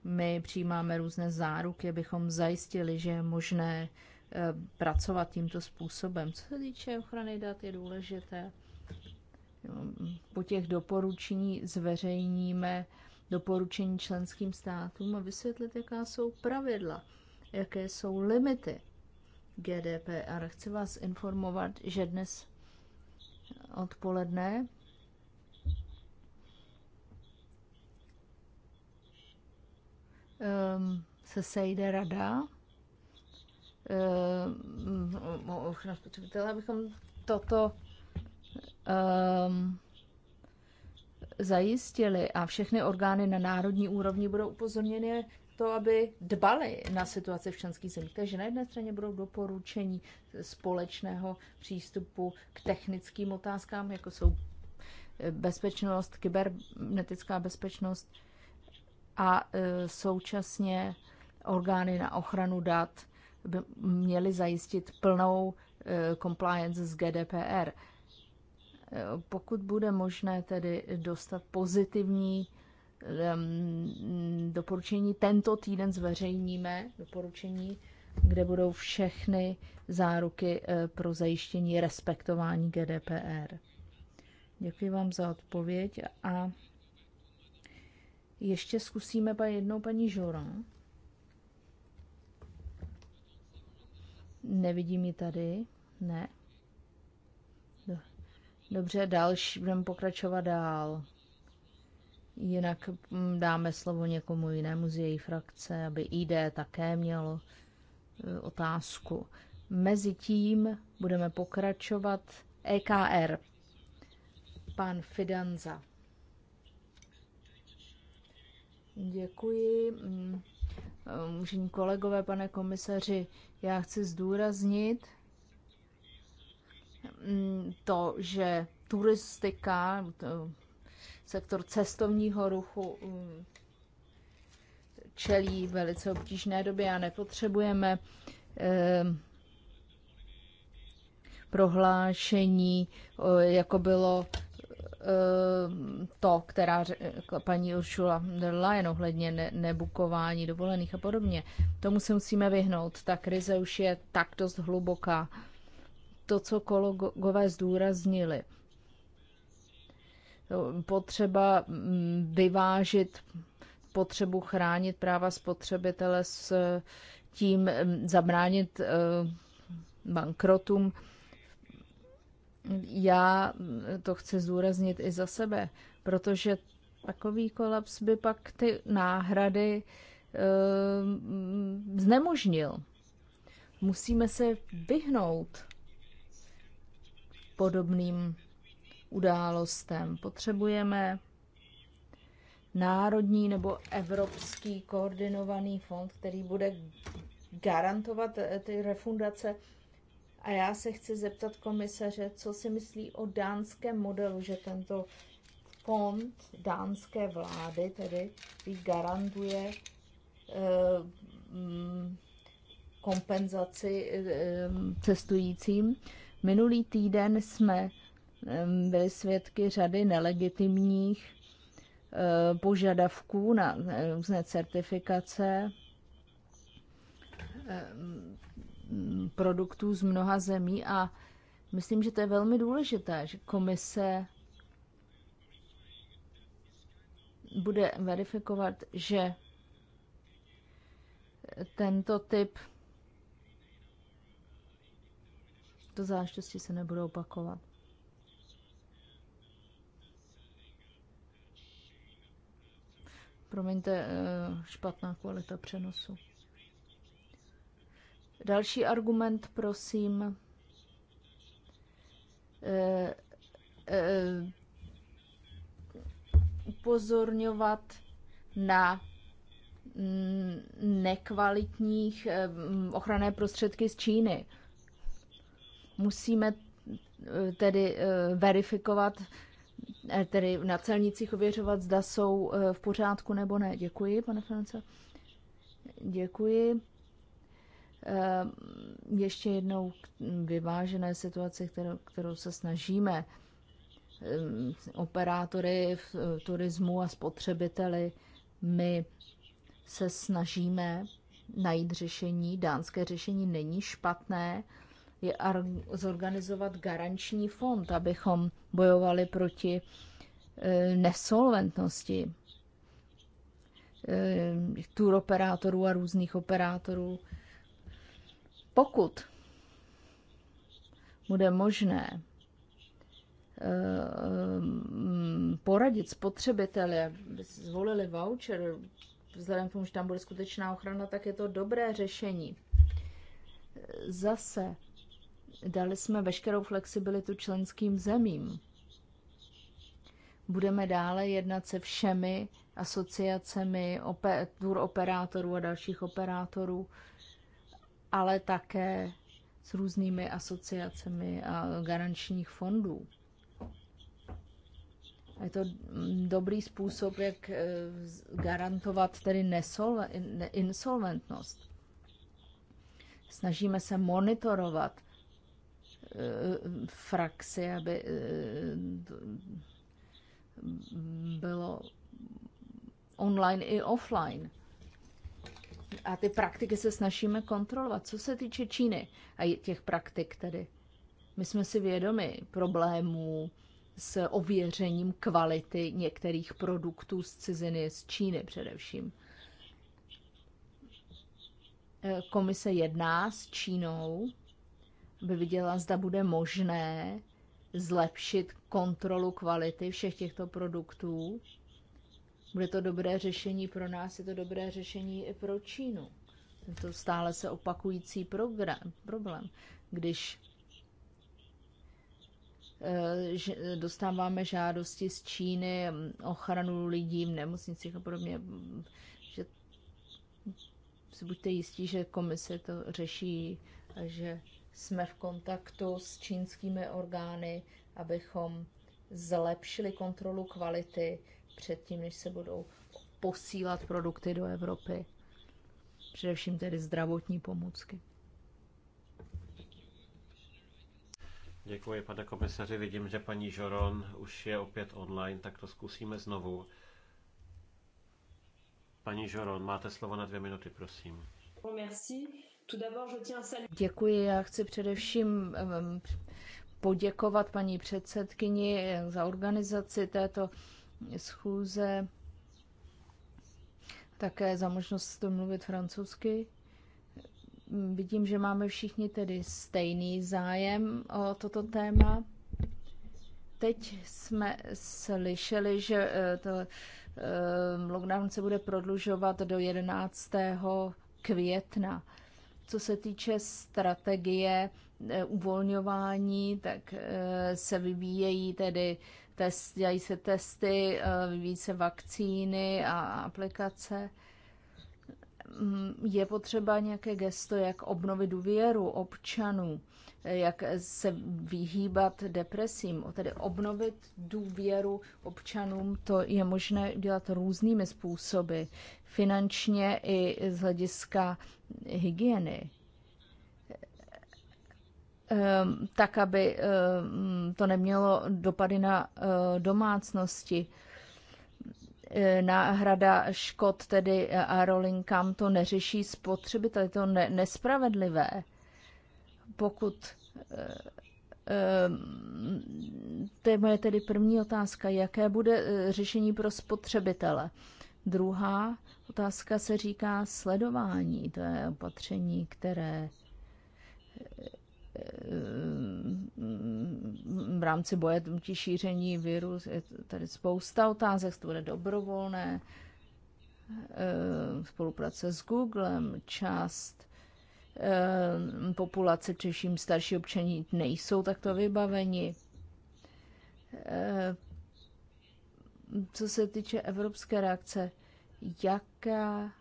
my přijímáme různé záruky, abychom zajistili, že je možné eh, pracovat tímto způsobem. Co se týče ochrany dat, je důležité. Po těch doporučení zveřejníme doporučení členským státům a vysvětlit, jaká jsou pravidla, jaké jsou limity GDPR. Chci vás informovat, že dnes odpoledne Ehm, se sejde rada o ehm, ochranu spotřebitele, abychom toto um, zajistili a všechny orgány na národní úrovni budou upozorněny to, aby dbali na situaci v členských zemích. Takže na jedné straně budou doporučení společného přístupu k technickým otázkám, jako jsou bezpečnost, kybernetická bezpečnost, a e, současně orgány na ochranu dat by měly zajistit plnou e, compliance s GDPR. E, pokud bude možné tedy dostat pozitivní doporučení, tento týden zveřejníme doporučení, kde budou všechny záruky pro zajištění respektování GDPR. Děkuji vám za odpověď a ještě zkusíme pa jednou paní Joran. Nevidím ji tady. Ne. Dobře, další, budeme pokračovat dál. Jinak mm, dáme slovo někomu jinému z její frakce, aby ID také mělo e, otázku. Mezitím budeme pokračovat EKR. Pan Fidanza. Děkuji. Můžení mm, eh, kolegové, pane komisaři, já chci zdůraznit mm, to, že turistika, sektor cestovního ruchu mm, čelí velice obtížné době a nepotřebujeme eh, prohlášení, jako bylo Eh, to, která řekla paní Uršula der Leyen ohledně ne, nebukování dovolených a podobně. Tomu se musíme vyhnout. Ta krize už je tak dost hluboká. To, co kolegové zdůraznili, potřeba mm, vyvážit potřebu chránit práva spotřebitele s eh, tím mm, zabránit eh, bankrotům, já to chci zúraznit i za sebe, protože takový kolaps by pak ty náhrady e, znemožnil. Musíme se vyhnout podobným událostem. Potřebujeme národní nebo evropský koordinovaný fond, který bude garantovat eh, ty refundace a já se chci zeptat komisaře, co si myslí o dánském modelu, že tento fond dánské vlády tedy garantuje eh, mm, kompenzaci eh, cestujícím. Minulý týden jsme eh, byli svědky řady nelegitimních požadavků na různé certifikace Mm, produktů z mnoha zemí a myslím, že to je velmi důležité, že komise bude verifikovat, že tento typ to záležitosti se nebude opakovat. Promiňte, eh, špatná kvalita přenosu. Další argument, prosím. Eh, eh, upozorňovat na mm, nekvalitních eh, mm, ochranné prostředky z Číny. Musíme tedy verifikovat, tedy na celnicích ověřovat, zda jsou v pořádku nebo ne. Děkuji, pane Ference. Děkuji. Ehm, ještě jednou k vyvážené situaci, kterou, kterou se snažíme ehm, operátory v eh, turismu a spotřebiteli, my se snažíme najít řešení. Dánské řešení není špatné, je zorganizovat garanční fond, abychom bojovali proti eh, nesolventnosti eh, turoperátorů a různých operátorů pokud bude možné eh, mm, poradit spotřebiteli, aby zvolili voucher, vzhledem k tomu, že tam bude skutečná ochrana, tak je to dobré řešení. Zase dali jsme veškerou flexibilitu členským zemím. Budeme dále jednat se všemi asociacemi tour operátorů a dalších operátorů, ale také s různými asociacemi a garančních fondů. Je to dobrý způsob, jak eh, garantovat tedy insolventnost. Snažíme se monitorovat eh, fraxi, aby eh, bylo online i offline a ty praktiky se snažíme kontrolovat. Co se týče Číny a těch praktik tedy, my jsme si vědomi problémů s ověřením kvality některých produktů z ciziny, z Číny především. E, komise jedná s Čínou, aby viděla, zda bude možné zlepšit kontrolu kvality všech těchto produktů bude to dobré řešení pro nás, je to dobré řešení i pro Čínu. Je to stále se opakující program, problém. Když eh, dostáváme žádosti z Číny, mm, ochranu lidí v nemocnicích a podobně, mm, že si buďte jistí, že komise to řeší a že jsme v kontaktu s čínskými orgány, abychom zlepšili kontrolu kvality předtím, než se budou posílat produkty do Evropy, především tedy zdravotní pomůcky. Děkuji, pane komisaři. Vidím, že paní Žoron už je opět online, tak to zkusíme znovu. Paní Žoron, máte slovo na dvě minuty, prosím. Děkuji, já chci především poděkovat paní předsedkyni eh, za organizaci této schůze, také za možnost mluvit francouzsky. Vidím, že máme všichni tedy stejný zájem o toto téma. Teď jsme slyšeli, že eh, to eh, lockdown se bude prodlužovat do 11. května. Co se týče strategie eh, uvolňování, tak se vyvíjejí tedy test, dělají se testy, vyvíjí eh, se vakcíny a aplikace. Mm, je potřeba nějaké gesto, jak obnovit důvěru občanů, eh, jak se vyhýbat depresím, tedy obnovit důvěru občanům, to je možné dělat různými způsoby, finančně i z hlediska hygieny Ehm, tak, aby ehm, to nemělo dopady na eh, domácnosti. Eh, náhrada škod tedy eh, a rolinkám to neřeší je to ne- nespravedlivé. Pokud ehm, to je moje tedy první otázka, jaké bude řešení pro spotřebitele. Druhá otázka se říká sledování. To je opatření, které v rámci boje proti šíření viru je tady spousta otázek, to bude dobrovolné, eh, spolupráce s Googlem, část eh, populace, především starší občaní, nejsou takto vybaveni. Eh, co se týče evropské reakce, jaká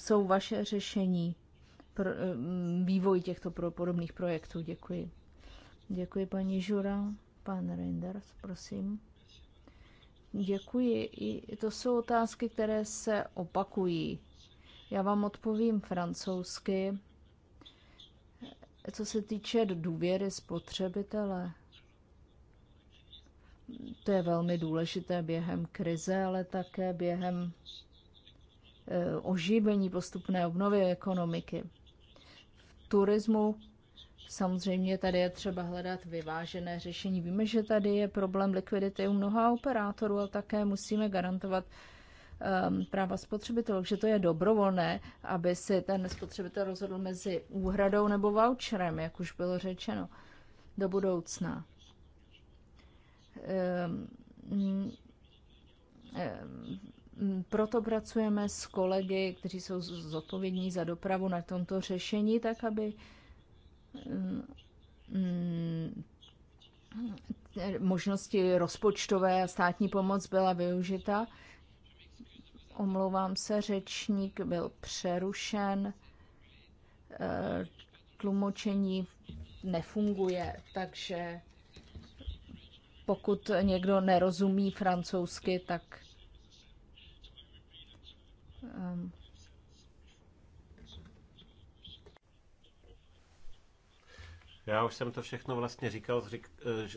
jsou vaše řešení? pr- vývoj těchto pro- podobných projektů. Děkuji. Děkuji paní Žura. Pan Reinders, prosím. Děkuji. I to jsou otázky, které se opakují. Já vám odpovím francouzsky. Co se týče důvěry spotřebitele, to je velmi důležité během krize, ale také během eh, oživení postupné obnovy ekonomiky turismu. Samozřejmě tady je třeba hledat vyvážené řešení. Víme, že tady je problém likvidity u mnoha operátorů, ale také musíme garantovat um, práva spotřebitelů, že to je dobrovolné, aby si ten spotřebitel rozhodl mezi úhradou nebo voucherem, jak už bylo řečeno, do budoucna. Um, um, Mm, proto pracujeme s kolegy, kteří jsou zodpovědní za dopravu na tomto řešení, tak aby mm, mm, možnosti rozpočtové a státní pomoc byla využita. Omlouvám se, řečník byl přerušen, e, tlumočení nefunguje, takže pokud někdo nerozumí francouzsky, tak Um, Já už jsem to všechno vlastně říkal. Eh,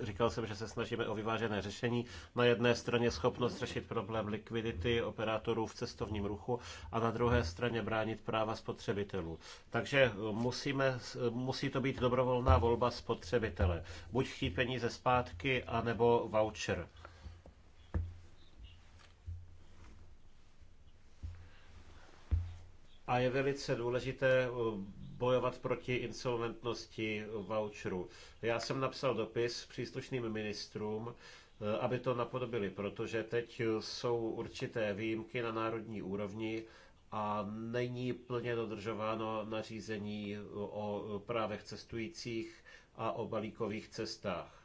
říkal jsem, že se snažíme o vyvážené řešení. Na jedné straně schopnost řešit problém likvidity operátorů v cestovním ruchu a na druhé straně bránit práva spotřebitelů. Takže eh, musíme, eh, musí to být dobrovolná volba spotřebitele. Buď chtít peníze zpátky, anebo voucher. a je velice důležité eh, bojovat proti insolventnosti voucherů. Já jsem napsal dopis příslušným ministrům, eh, aby to napodobili, protože teď jsou určité výjimky na národní úrovni a není plně dodržováno nařízení o právech cestujících a o balíkových cestách.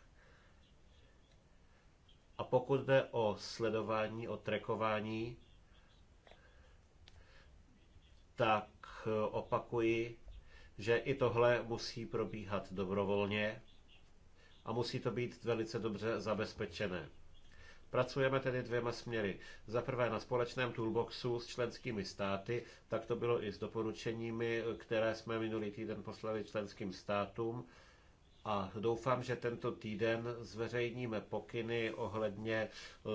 A pokud jde o sledování, o trekování, tak eh, opakuji, že i tohle musí probíhat dobrovolně a musí to být velice dobře zabezpečené. Pracujeme tedy dvěma směry. Za prvé na společném toolboxu s členskými státy, tak to bylo i s doporučeními, které jsme minulý týden poslali členským státům. A doufám, že tento týden zveřejníme pokyny ohledně eh,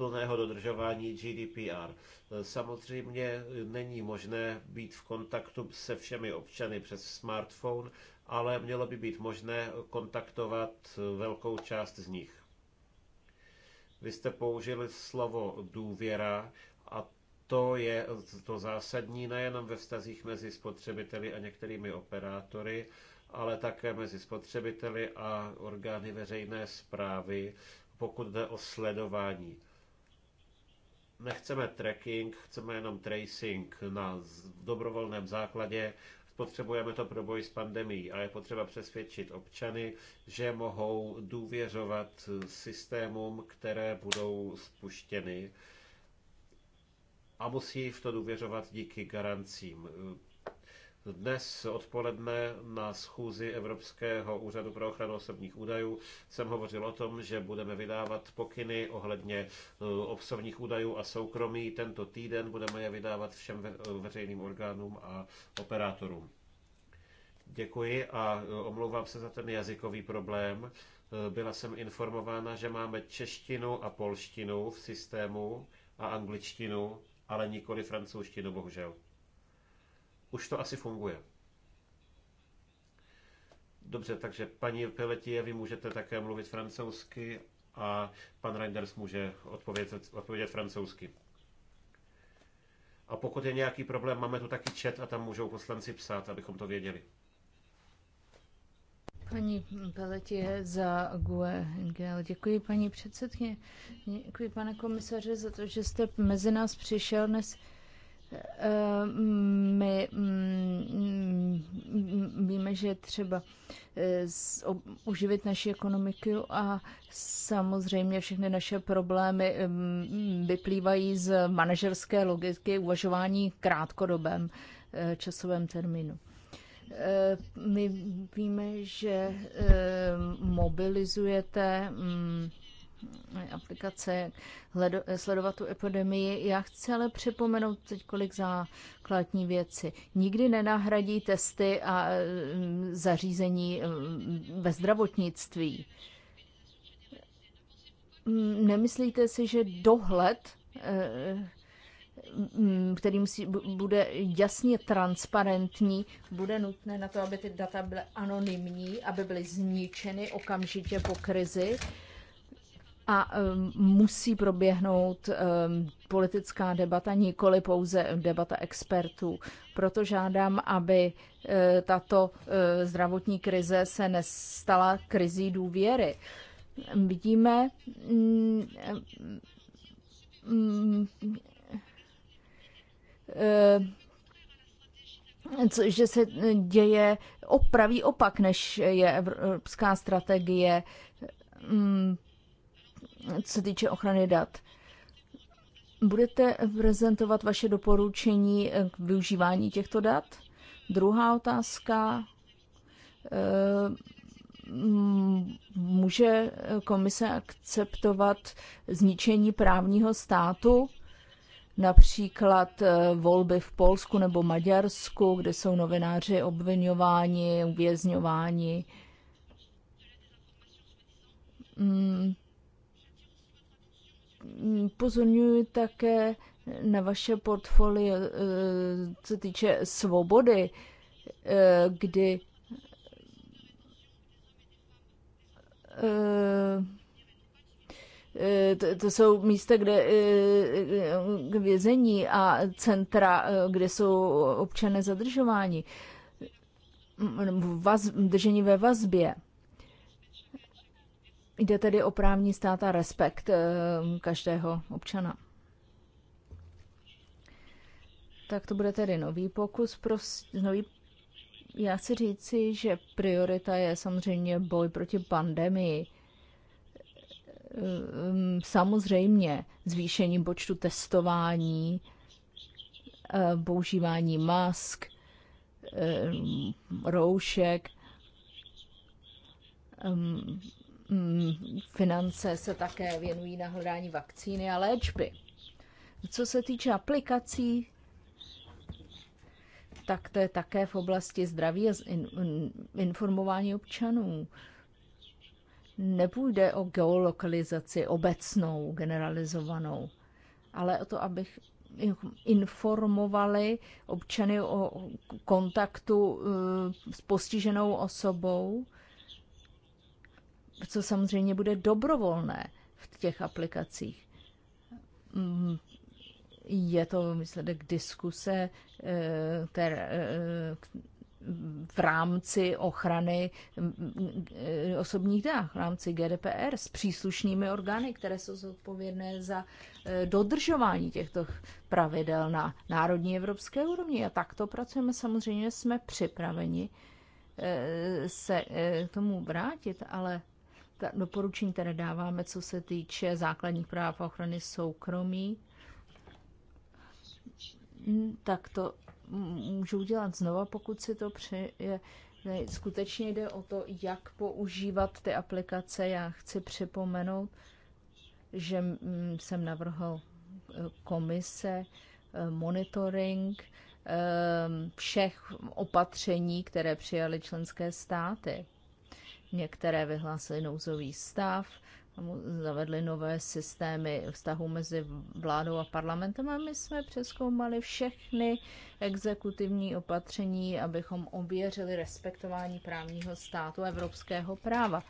plného dodržování GDPR. Samozřejmě není možné být v kontaktu se všemi občany přes smartphone, ale mělo by být možné kontaktovat velkou část z nich. Vy jste použili slovo důvěra a to je to zásadní nejenom ve vztazích mezi spotřebiteli a některými operátory, ale také mezi spotřebiteli a orgány veřejné zprávy, pokud jde o sledování nechceme tracking, chceme jenom tracing na dobrovolném základě. Potřebujeme to pro boj s pandemí a je potřeba přesvědčit občany, že mohou důvěřovat systémům, které budou spuštěny a musí v to důvěřovat díky garancím. Dnes odpoledne na schůzi Evropského úřadu pro ochranu osobních údajů jsem hovořil o tom, že budeme vydávat pokyny ohledně eh, osobních údajů a soukromí. Tento týden budeme je vydávat všem eh, veřejným orgánům a operátorům. Děkuji a eh, omlouvám se za ten jazykový problém. Byla jsem informována, že máme češtinu a polštinu v systému a angličtinu, ale nikoli francouzštinu, bohužel. Už to asi funguje. Dobře, takže paní Peletie, vy můžete také mluvit francouzsky a pan Reinders může odpovědět, odpovědět francouzsky. A pokud je nějaký problém, máme tu taky chat a tam můžou poslanci psát, abychom to věděli. Paní Peletě za GUE NGL. Děkuji, paní předsedkyně. Děkuji, pane komisaře, za to, že jste mezi nás přišel dnes. Eh, my mm, mm, víme, že třeba eh, uživit naši ekonomiku a samozřejmě všechny naše problémy mm, vyplývají z manažerské logiky uvažování krátkodobém eh, časovém termínu. My víme, že mobilizujete aplikace, jak hledo, sledovat tu epidemii. Já chci ale připomenout teď kolik základní věci. Nikdy nenahradí testy a mm, zařízení mm, ve zdravotnictví. Mm, nemyslíte si, že dohled, eh, který musí, bude jasně transparentní, bude nutné na to, aby ty data byly anonymní, aby byly zničeny okamžitě po krizi? a um, musí proběhnout um, politická debata, nikoli pouze debata expertů. Proto žádám, aby eh, tato eh, zdravotní krize se nestala krizí důvěry. Vidíme co, mm, mm, eh, že se děje opravý opak, než je evropská strategie mm, co se týče ochrany dat. Budete prezentovat vaše doporučení eh, k využívání těchto dat? Druhá otázka. Eh, může komise akceptovat zničení právního státu, například eh, volby v Polsku nebo Maďarsku, kde jsou novináři obvinováni, uvězňováni? Hmm. Pozorňuji také na vaše portfolio, eh, co týče svobody, eh, kdy eh, to, to jsou místa, kde k vězení a centra, kde jsou občané zadržováni, vaz, držení ve vazbě. Jde tedy o právní stát a respekt eh, každého občana. Tak to bude tedy nový pokus. Prost, nový, já chci říci, že priorita je samozřejmě boj proti pandemii. Ehm, samozřejmě zvýšení počtu testování, eh, používání mask, ehm, roušek, ehm, Mm, finance se také věnují na hledání vakcíny a léčby. Co se týče aplikací, tak to je také v oblasti zdraví a informování občanů. Nepůjde o geolokalizaci obecnou, generalizovanou, ale o to, abych informovali občany o kontaktu eh, s postiženou osobou, co samozřejmě bude dobrovolné v těch aplikacích. Mm, je to výsledek diskuse eh, eh, v rámci ochrany mm, eh, osobních dát, v rámci GDPR s příslušnými orgány, které jsou zodpovědné za dodržování těchto pravidel na národní evropské úrovni. A takto pracujeme. Samozřejmě jsme připraveni se k tomu vrátit, ale ta doporučení, které dáváme, co se týče základních práv a ochrany soukromí, tak to můžu udělat znova, pokud si to přeje. je, ne, skutečně jde o to, jak používat ty aplikace. Já chci připomenout, že mm, jsem navrhl e, komise e, monitoring e, všech opatření, které přijaly členské státy Některé vyhlásily nouzový stav, zavedly nové systémy vztahu mezi vládou a parlamentem a my jsme přeskoumali všechny exekutivní opatření, abychom ověřili respektování právního státu a evropského práva.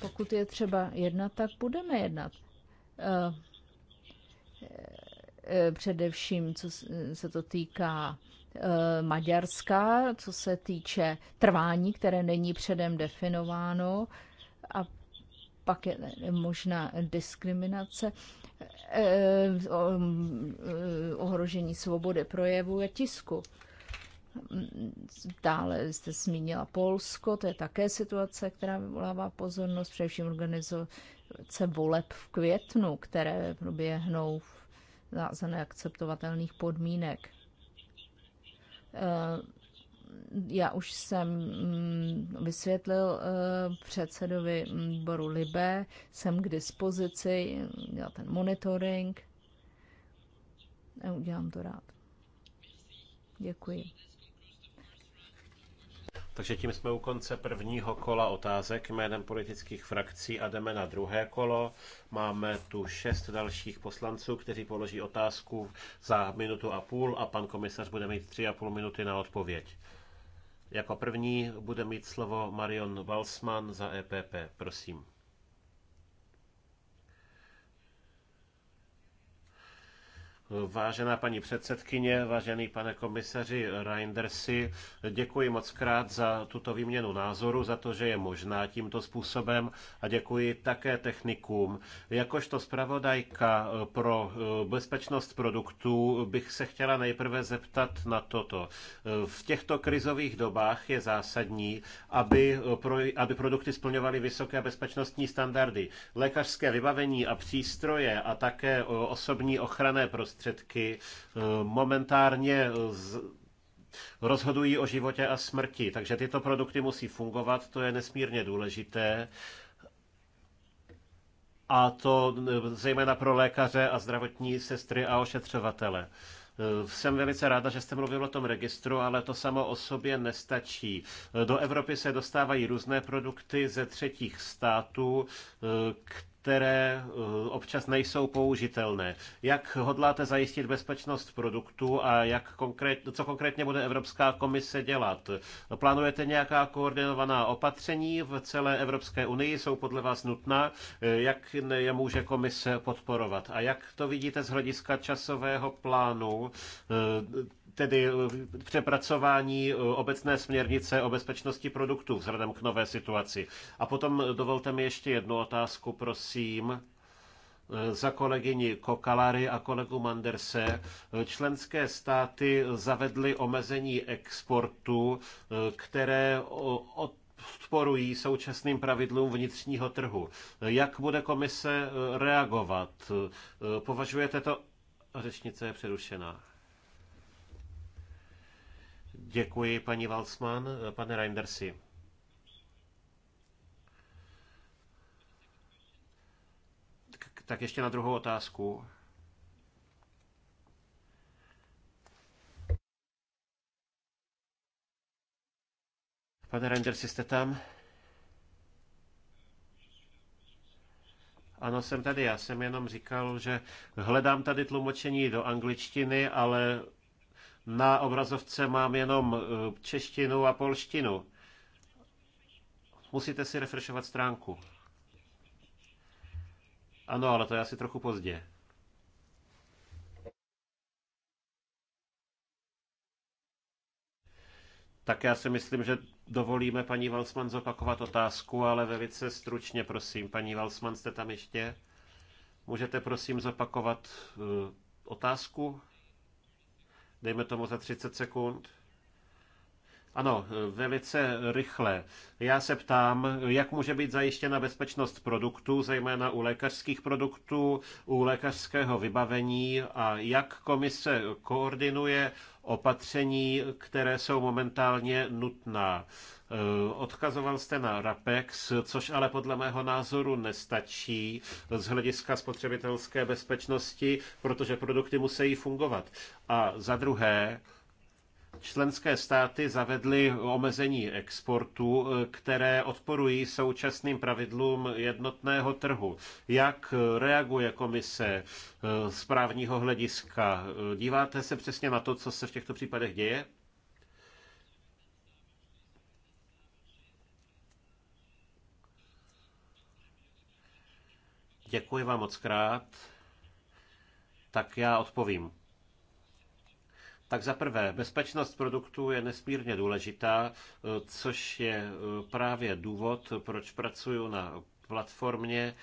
Pokud je třeba jednat, tak budeme jednat. Eh, eh, především, co se to týká Eh, Maďarska, co se týče trvání, které není předem definováno, a pak je možná diskriminace, eh, eh, ohrožení svobody projevu a tisku. Dále jste zmínila Polsko, to je také situace, která vyvolává pozornost, především organizace voleb v květnu, které proběhnou za neakceptovatelných podmínek. Eh, já už jsem mm, vysvětlil eh, předsedovi mm, Boru Libe, jsem k dispozici, dělal ten monitoring. Udělám to rád. Děkuji. Takže tím jsme u konce prvního kola otázek jménem politických frakcí a jdeme na druhé kolo. Máme tu šest dalších poslanců, kteří položí otázku za minutu a půl a pan komisař bude mít tři a půl minuty na odpověď. Jako první bude mít slovo Marion Walsman za EPP. Prosím. Vážená paní předsedkyně, vážený pane komisaři Reindersi, děkuji moc krát za tuto výměnu názoru, za to, že je možná tímto způsobem a děkuji také technikům. Jakožto zpravodajka pro eh, bezpečnost produktů bych se chtěla nejprve zeptat na toto. Eh, v těchto krizových dobách je zásadní, aby, eh, pro, aby produkty splňovaly vysoké bezpečnostní standardy. Lékařské vybavení a přístroje a také osobní ochranné prostředky prostředky eh, momentárně eh, z rozhodují o životě a smrti. Takže tyto produkty musí fungovat, to je nesmírně důležité. A to eh, zejména pro lékaře a zdravotní sestry a ošetřovatele. Jsem velice ráda, že jste mluvil o tom registru, ale to samo o sobě nestačí. Do Evropy se dostávají různé produkty ze třetích států, které eh, občas nejsou použitelné. Jak hodláte zajistit bezpečnost produktu a jak konkrét, co konkrétně bude Evropská komise dělat? Plánujete nějaká koordinovaná opatření v celé Evropské unii? Jsou podle vás nutná? Eh, jak je může komise podporovat? A jak to vidíte z hlediska časového plánu? Eh, tedy eh, přepracování eh, obecné směrnice o bezpečnosti produktů vzhledem k nové situaci. A potom eh, dovolte mi ještě jednu otázku, prosím za kolegyni Kokalary a kolegu Manderse. Členské státy zavedly omezení exportu, které odporují současným pravidlům vnitřního trhu. Jak bude komise reagovat? Považujete to... Řečnice je přerušená. Děkuji, paní Valsman. Pane Reindersi. Tak ještě na druhou otázku. Pane Reindersi, jste tam? Ano, jsem tady. Já jsem jenom říkal, že hledám tady tlumočení do angličtiny, ale na obrazovce mám jenom e, češtinu a polštinu. Musíte si refreshovat stránku. Ano, ale to je asi trochu pozdě. Tak já si myslím, že dovolíme paní Valsman zopakovat otázku, ale velice stručně, prosím. Paní Valsman, jste tam ještě? Můžete prosím zopakovat e, otázku? dejme tomu za 30 sekund, ano, velice rychle. Já se ptám, jak může být zajištěna bezpečnost produktů, zejména u lékařských produktů, u lékařského vybavení a jak komise koordinuje opatření, které jsou momentálně nutná. Eh, odkazoval jste na RAPEX, což ale podle mého názoru nestačí z hlediska spotřebitelské bezpečnosti, protože produkty musí fungovat. A za druhé, Členské státy zavedly omezení exportu, které odporují současným pravidlům jednotného trhu. Jak reaguje komise eh, z právního hlediska? Díváte se přesně na to, co se v těchto případech děje? Děkuji vám moc krát. Tak já odpovím. Tak za prvé, bezpečnost produktů je nesmírně důležitá, eh, což je eh, právě důvod, proč pracuji na platformě,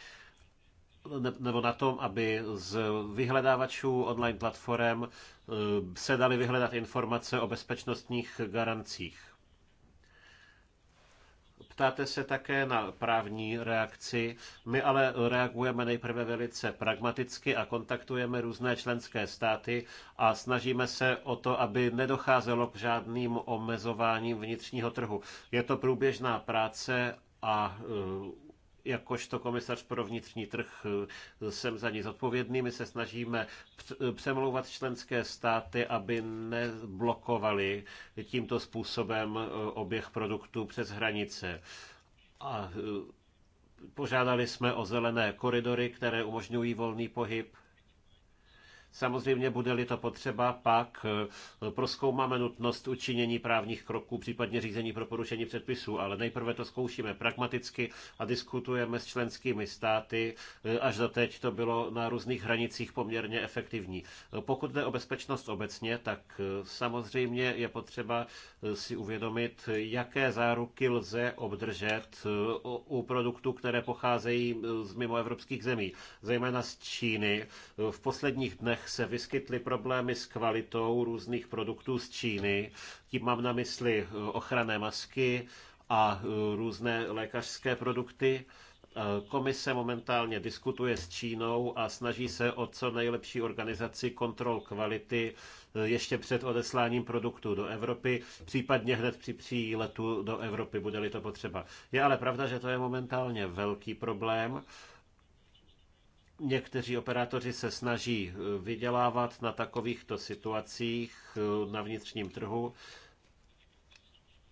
nebo na tom, aby z vyhledávačů online platform eh, se daly vyhledat informace o bezpečnostních garancích. Ptáte se také na právní reakci. My ale reagujeme nejprve velice pragmaticky a kontaktujeme různé členské státy a snažíme se o to, aby nedocházelo k žádným omezováním vnitřního trhu. Je to průběžná práce a e, jakožto komisař pro vnitřní trh eh, jsem za ní zodpovědný. My se snažíme eh, přemlouvat členské státy, aby neblokovali tímto způsobem eh, oběh produktů přes hranice. A požádali jsme o zelené koridory, které umožňují volný pohyb Samozřejmě bude-li to potřeba, pak eh, proskoumáme nutnost učinění právních kroků, případně řízení pro porušení předpisů, ale nejprve to zkoušíme pragmaticky a diskutujeme s členskými státy. Eh, až do teď to bylo na různých hranicích poměrně efektivní. Eh, pokud jde o bezpečnost obecně, tak samozřejmě je potřeba si uvědomit, jaké záruky lze obdržet u produktů, které pocházejí z mimoevropských zemí, zejména z Číny. V posledních dnech se vyskytly problémy s kvalitou různých produktů z Číny. Tím mám na mysli eh, ochranné masky a eh, různé lékařské produkty. Eh, komise momentálně diskutuje s Čínou a snaží se o co nejlepší organizaci kontrol kvality ještě před odesláním produktu do Evropy, případně hned při příletu do Evropy, bude-li to potřeba. Je ale pravda, že to je momentálně velký problém Někteří operátoři se snaží eh, vydělávat na takovýchto situacích eh, na vnitřním trhu,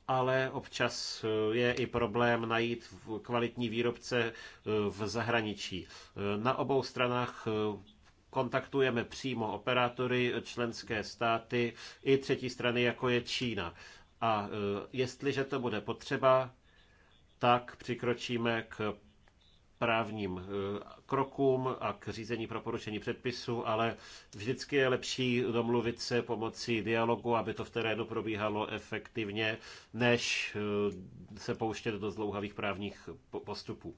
ale občas eh, je i problém najít kvalitní výrobce v zahraničí. Na obou stranách kontaktujeme přímo operátory, členské státy i třetí strany, jako je Čína. A jestliže to bude potřeba, tak přikročíme k právním eh, krokům a k řízení pro porušení předpisu, ale vždycky je lepší domluvit se pomocí dialogu, aby to v terénu probíhalo efektivně, než eh, se pouštět do zdlouhavých právních postupů.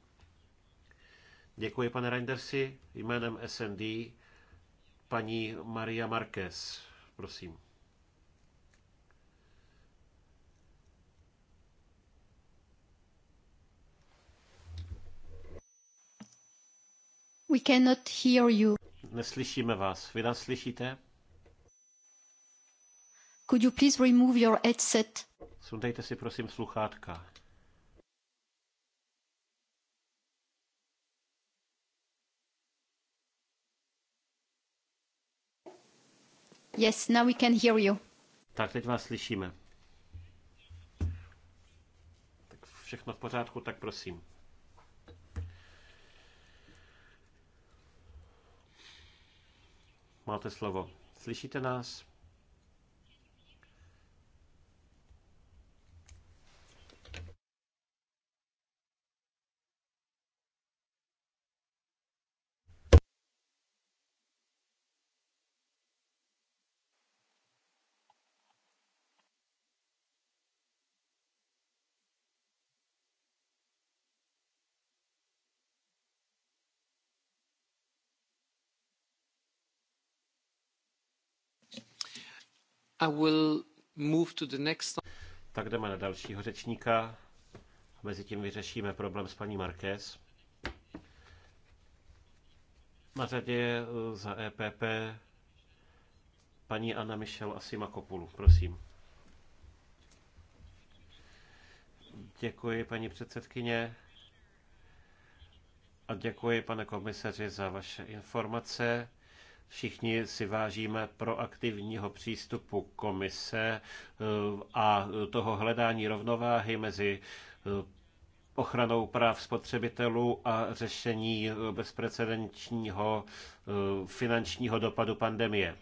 Děkuji, pane Reindersi. Jménem SND paní Maria Marquez. Prosím. We cannot hear you. Neslyšíme vás. Vy nás slyšíte? Could you please remove your headset? Sundejte si prosím sluchátka. Yes, now we can hear you. Tak, teď vás slyšíme. Tak všechno v pořádku, tak prosím. Máte slovo. Slyšíte nás? I will move to the next... Tak jdeme na dalšího řečníka. Mezitím vyřešíme problém s paní Marquez. Na řadě eh, za EPP paní Anna Michel Asimakopulu. Prosím. Děkuji, paní předsedkyně. A děkuji, pane komisaři, za vaše informace. Všichni si vážíme proaktivního přístupu komise eh, a toho hledání rovnováhy mezi eh, ochranou práv spotřebitelů a řešení eh, bezprecedenčního finančního dopadu pandemie.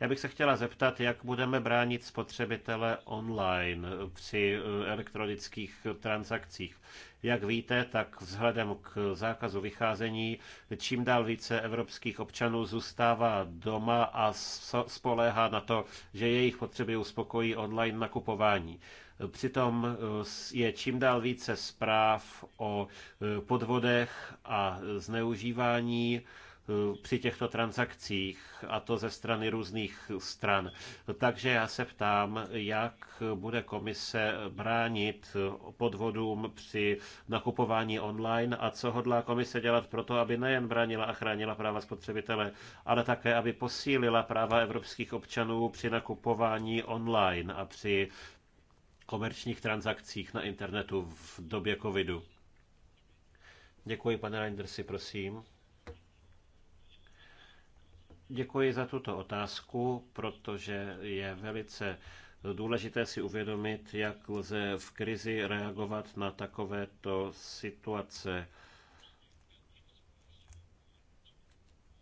Já bych se chtěla zeptat, jak budeme bránit spotřebitele online při eh, elektronických transakcích. Jak víte, tak vzhledem k zákazu vycházení čím dál více evropských občanů zůstává doma a spoléhá na to, že jejich potřeby uspokojí online nakupování. Přitom eh, je čím dál více zpráv o eh, podvodech a zneužívání Eh, při těchto transakcích, a to ze strany různých stran. Takže já se ptám, jak bude komise bránit podvodům při nakupování online a co hodlá komise dělat pro to, aby nejen bránila a chránila práva spotřebitele, ale také, aby posílila práva evropských občanů při nakupování online a při komerčních transakcích na internetu v době covidu. Děkuji, pane Reindersi, prosím. Děkuji za tuto otázku, protože je velice důležité si uvědomit, jak lze v krizi reagovat na takovéto situace.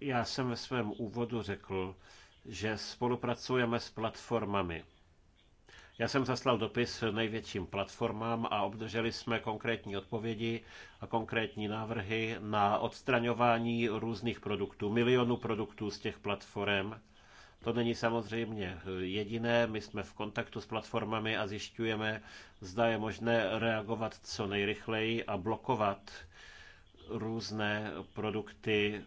Já jsem ve svém úvodu řekl, že spolupracujeme s platformami. Já jsem zaslal dopis největším platformám a obdrželi jsme konkrétní odpovědi a konkrétní návrhy na odstraňování různých produktů, milionů produktů z těch platform. To není samozřejmě jediné, my jsme v kontaktu s platformami a zjišťujeme, zda je možné reagovat co nejrychleji a blokovat různé produkty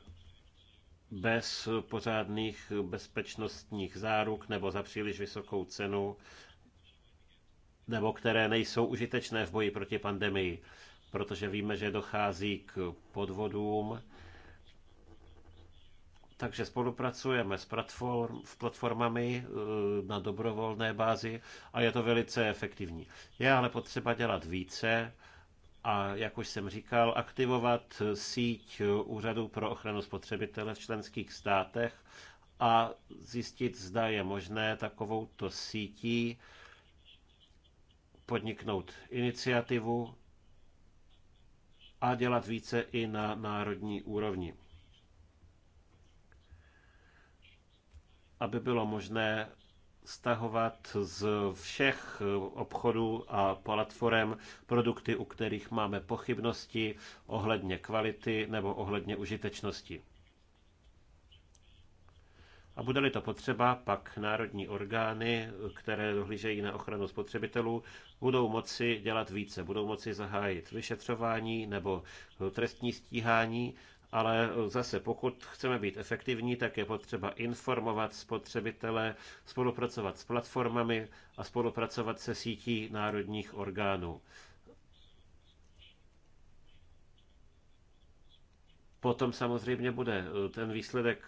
bez pořádných bezpečnostních záruk nebo za příliš vysokou cenu nebo které nejsou užitečné v boji proti pandemii, protože víme, že dochází k podvodům. Takže spolupracujeme s platform, platformami eh, na dobrovolné bázi a je to velice efektivní. Je ale potřeba dělat více a, jak už jsem říkal, aktivovat síť úřadů pro ochranu spotřebitele v členských státech a zjistit, zda je možné takovouto sítí podniknout iniciativu a dělat více i na národní úrovni. Aby bylo možné stahovat z všech obchodů a platform produkty, u kterých máme pochybnosti ohledně kvality nebo ohledně užitečnosti. A bude-li to potřeba, pak národní orgány, které dohlížejí na ochranu spotřebitelů, budou moci dělat více, budou moci zahájit vyšetřování nebo trestní stíhání, ale zase pokud chceme být efektivní, tak je potřeba informovat spotřebitele, spolupracovat s platformami a spolupracovat se sítí národních orgánů. Potom samozřejmě bude ten výsledek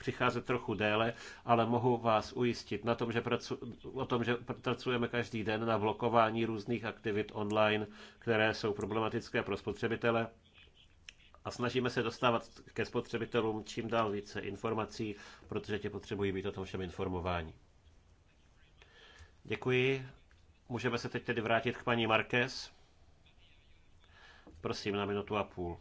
přicházet trochu déle, ale mohu vás ujistit na tom, že pracu, o tom, že pracujeme každý den na blokování různých aktivit online, které jsou problematické pro spotřebitele a snažíme se dostávat ke spotřebitelům čím dál více informací, protože tě potřebují být o tom všem informování. Děkuji. Můžeme se teď tedy vrátit k paní Marquez. Prosím, na minutu a půl.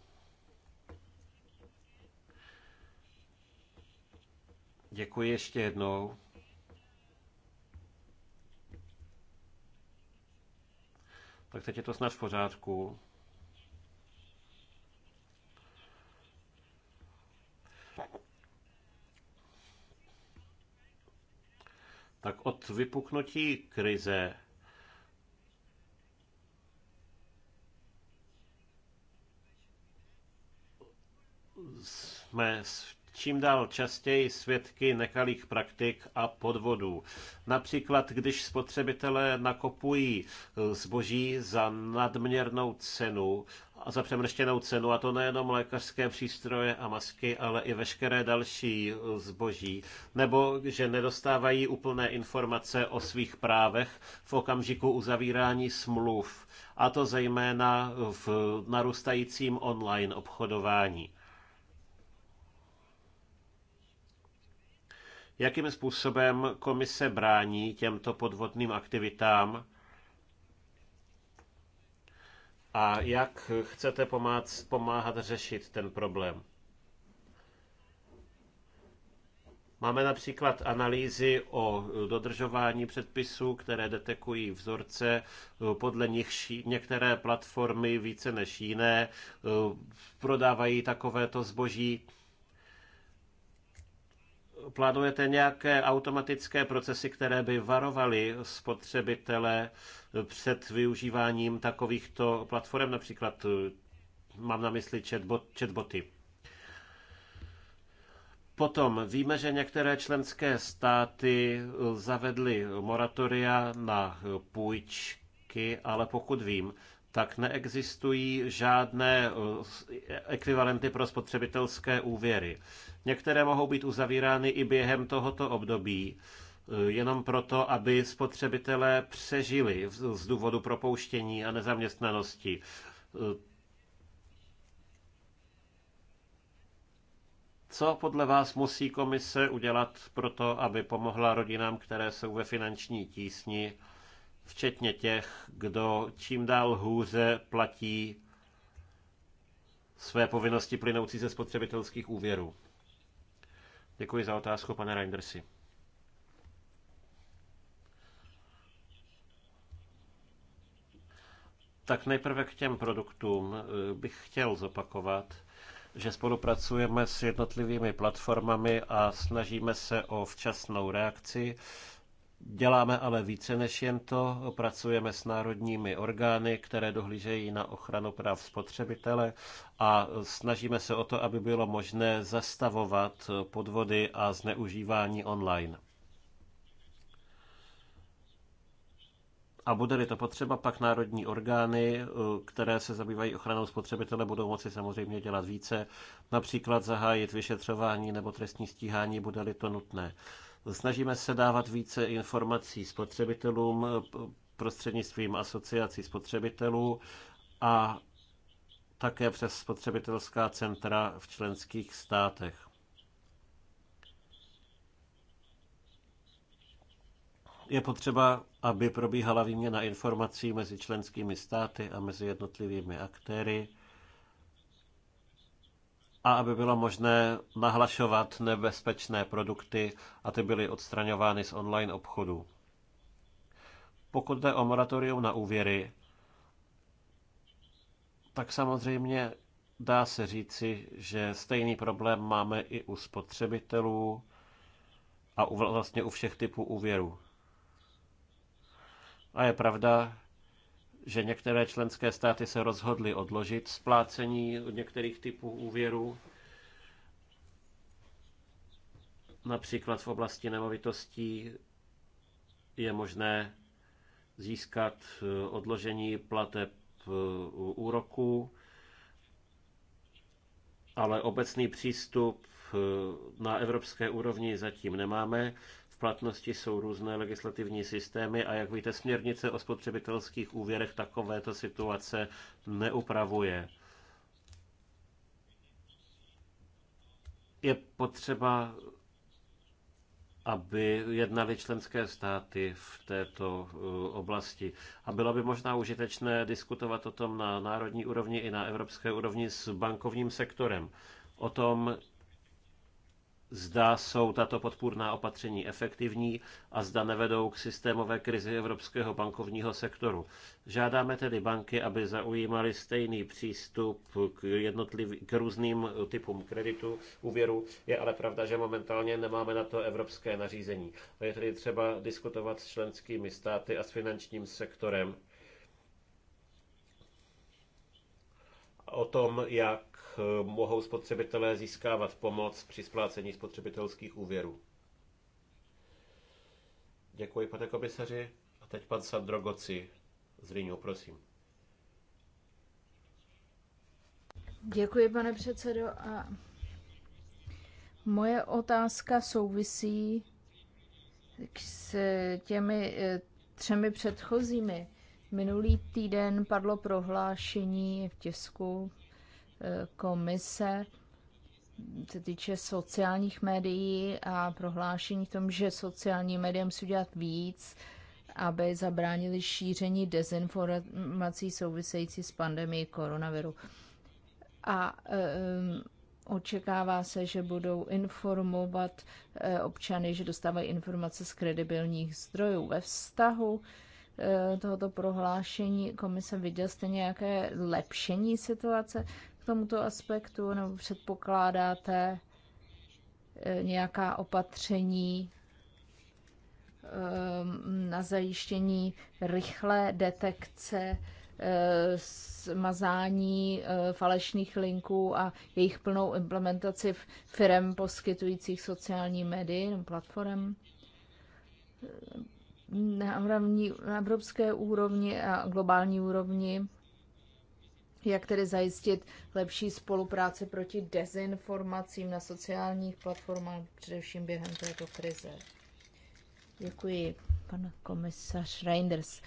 Děkuji ještě jednou. Tak teď je to snad v pořádku. Tak od vypuknutí krize jsme čím dál častěji svědky nekalých praktik a podvodů. Například, když spotřebitelé nakopují eh, zboží za nadměrnou cenu, a za přemrštěnou cenu, a to nejenom lékařské přístroje a masky, ale i veškeré další eh, zboží, nebo že nedostávají úplné informace o svých právech v okamžiku uzavírání smluv, a to zejména v eh, narůstajícím online obchodování. Jakým způsobem komise brání těmto podvodným aktivitám? A jak chcete pomáct, pomáhat řešit ten problém? Máme například analýzy o dodržování předpisů, které detekují vzorce, podle nich některé platformy více než jiné prodávají takovéto zboží plánujete nějaké automatické procesy, které by varovaly spotřebitele před využíváním takovýchto platform, například eh, mám na mysli chatbot, chatboty. Potom víme, že některé členské státy eh, zavedly moratoria na eh, půjčky, ale pokud vím, tak neexistují žádné eh, ekvivalenty pro spotřebitelské úvěry. Některé mohou být uzavírány i během tohoto období, eh, jenom proto, aby spotřebitelé přežili z důvodu propouštění a nezaměstnanosti. Eh, co podle vás musí komise udělat pro to, aby pomohla rodinám, které jsou ve finanční tísni? včetně těch, kdo čím dál hůře platí své povinnosti plynoucí ze spotřebitelských úvěrů. Děkuji za otázku, pane Reindersi. Tak nejprve k těm produktům bych chtěl zopakovat, že spolupracujeme s jednotlivými platformami a snažíme se o včasnou reakci Děláme ale více než jen to. Pracujeme s národními orgány, které dohlížejí na ochranu práv spotřebitele a snažíme se o to, aby bylo možné zastavovat podvody a zneužívání online. A bude-li to potřeba, pak národní orgány, které se zabývají ochranou spotřebitele, budou moci samozřejmě dělat více, například zahájit vyšetřování nebo trestní stíhání, bude-li to nutné. Snažíme se dávat více informací spotřebitelům prostřednictvím asociací spotřebitelů a také přes spotřebitelská centra v členských státech. Je potřeba, aby probíhala výměna informací mezi členskými státy a mezi jednotlivými aktéry a aby bylo možné nahlašovat nebezpečné produkty a ty byly odstraňovány z online obchodu. Pokud jde o moratorium na úvěry, tak samozřejmě dá se říci, že stejný problém máme i u spotřebitelů a u, vlastně u všech typů úvěrů. A je pravda, že některé členské státy se rozhodly odložit splácení některých typů úvěrů, například v oblasti nemovitostí je možné získat eh, odložení plateb eh, úroku, ale obecný přístup eh, na evropské úrovni zatím nemáme platnosti jsou různé legislativní systémy a jak víte, směrnice o spotřebitelských úvěrech takovéto situace neupravuje. Je potřeba, aby jednaly členské státy v této eh, oblasti. A bylo by možná užitečné diskutovat o tom na národní úrovni i na evropské úrovni s bankovním sektorem. O tom, zda jsou tato podpůrná opatření efektivní a zda nevedou k systémové krizi evropského bankovního sektoru. Žádáme tedy banky, aby zaujímaly stejný přístup k, jednotliv, k různým typům kreditu, úvěru. Je ale pravda, že momentálně nemáme na to evropské nařízení. Je tedy třeba diskutovat s členskými státy a s finančním sektorem o tom, jak Eh, mohou spotřebitelé získávat pomoc při splácení spotřebitelských úvěrů. Děkuji, pane komisaři. A teď pan Sandro Goci z Rýňu, prosím. Děkuji, pane předsedo. A moje otázka souvisí s těmi eh, třemi předchozími. Minulý týden padlo prohlášení v tisku komise se týče sociálních médií a prohlášení tom, že sociální média musí dělat víc, aby zabránili šíření dezinformací související s pandemií koronaviru. A um, očekává se, že budou informovat eh, občany, že dostávají informace z kredibilních zdrojů. Ve vztahu eh, tohoto prohlášení komise viděl jste nějaké lepšení situace? tomuto aspektu, nebo předpokládáte eh, nějaká opatření ehm, na zajištění rychlé detekce eh, smazání eh, falešných linků a jejich plnou implementaci v firm poskytujících sociální médii nebo platform na, na evropské úrovni a globální úrovni jak tedy zajistit lepší spolupráci proti dezinformacím na sociálních platformách, především během této krize. Děkuji, pan komisař Reinders.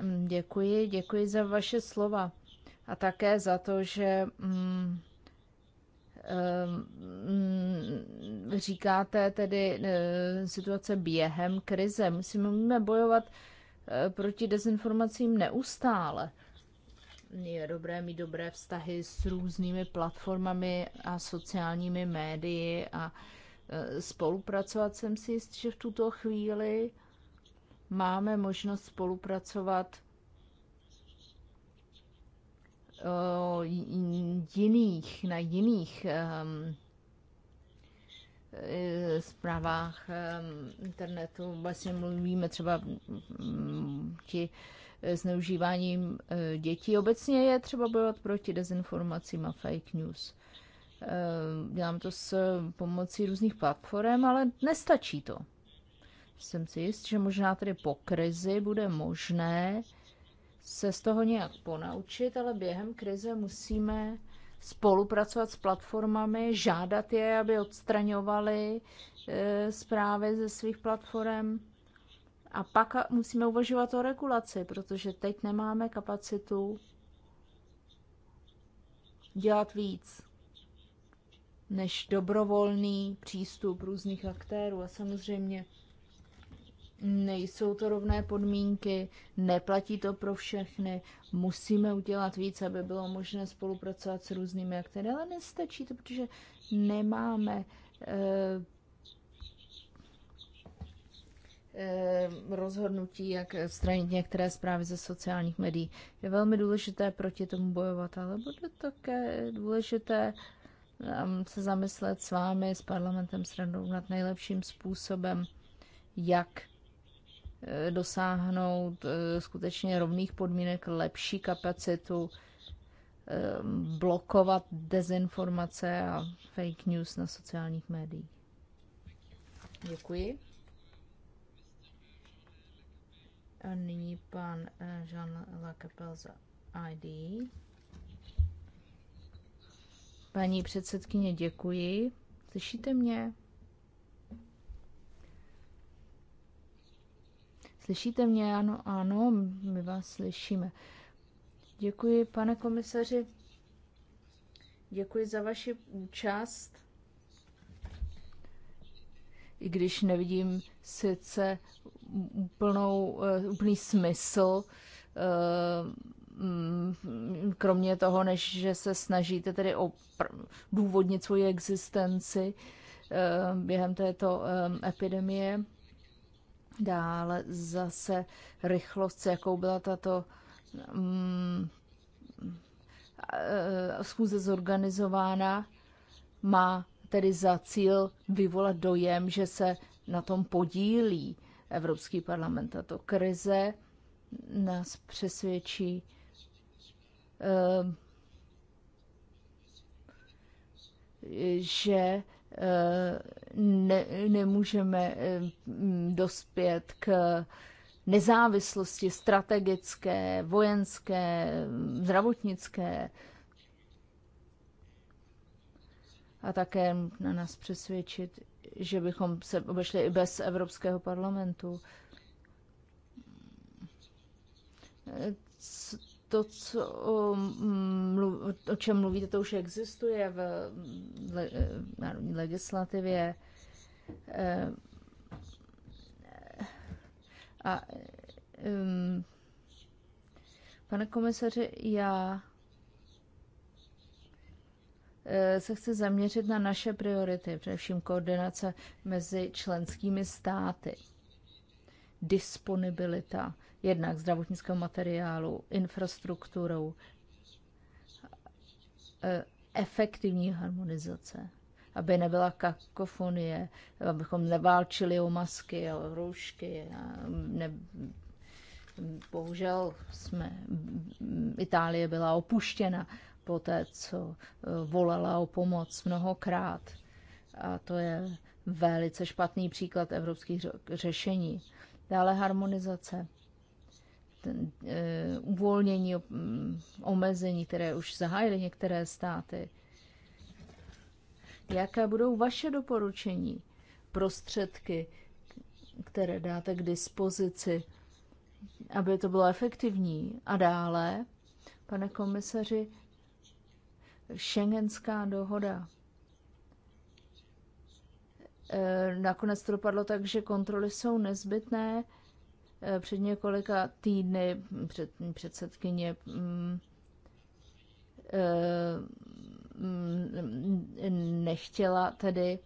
Mm, děkuji, děkuji za vaše slova a také za to, že mm, mm, mm říkáte tedy e, situace během krize. Musíme bojovat e, proti dezinformacím neustále je dobré mít dobré vztahy s různými platformami a sociálními médii a e, spolupracovat. Jsem si jist, že v tuto chvíli máme možnost spolupracovat e, jiných, na jiných um, zprávách um, internetu. Vlastně mluvíme třeba um, ti E, zneužíváním e, dětí. Obecně je třeba bojovat proti dezinformacím a fake news. E, dělám to s pomocí různých platform, ale nestačí to. Jsem si jist, že možná tedy po krizi bude možné se z toho nějak ponaučit, ale během krize musíme spolupracovat s platformami, žádat je, aby odstraňovali zprávy ze svých platform a pak musíme uvažovat o regulaci, protože teď nemáme kapacitu dělat víc než dobrovolný přístup různých aktérů. A samozřejmě nejsou to rovné podmínky, neplatí to pro všechny, musíme udělat víc, aby bylo možné spolupracovat s různými aktéry, ale nestačí to, protože nemáme eh, Eh, rozhodnutí, jak stranit některé zprávy ze sociálních médií. Je velmi důležité proti tomu bojovat, ale bude také důležité eh, se zamyslet s vámi, s parlamentem, s radou nad nejlepším způsobem, jak eh, dosáhnout skutečně rovných podmínek, lepší kapacitu, blokovat dezinformace a fake news na sociálních médiích. Děkuji. A nyní pan eh, Jean Lacapel za ID. Paní předsedkyně, děkuji. Slyšíte mě? Slyšíte mě? Ano, ano, my vás slyšíme. Děkuji, pane komisaři. Děkuji za vaši účast. I když nevidím sice úplnou, eh, úplný smysl, eh, mm, kromě toho, než že se snažíte tedy důvodnit svoji existenci eh, během této epidemie. Dále zase rychlost, jakou byla tato mm, schůze zorganizována, má tedy za cíl vyvolat dojem, že se na tom podílí Evropský parlament. Tato krize nás přesvědčí, eh, že eh, ne, nemůžeme eh, dospět k nezávislosti strategické, vojenské, zdravotnické. A také na nás přesvědčit, že bychom se obešli i bez Evropského parlamentu. To, co, um, o čem mluvíte, to už existuje v národní legislativě. Eh, a, eh, um, pane komisaři, já Eh, se chci zaměřit na naše priority, především koordinace mezi členskými státy, disponibilita jednak zdravotnického materiálu, infrastrukturou, eh, efektivní harmonizace, aby nebyla kakofonie, abychom neválčili o masky a o roušky. A mm, ne, mm, bohužel jsme, mm, Itálie byla opuštěna poté, co eh, volala o pomoc mnohokrát. A to je velice špatný příklad evropských řešení. Dále harmonizace. Ten, e, uvolnění, mm, omezení, které už zahájily některé státy. Jaké budou vaše doporučení, prostředky, které dáte k dispozici, aby to bylo efektivní? A dále, pane komisaři, Schengenská dohoda. E, nakonec to dopadlo tak, že kontroly jsou nezbytné. E, před několika týdny před, předsedkyně mm, e, mm, nechtěla tedy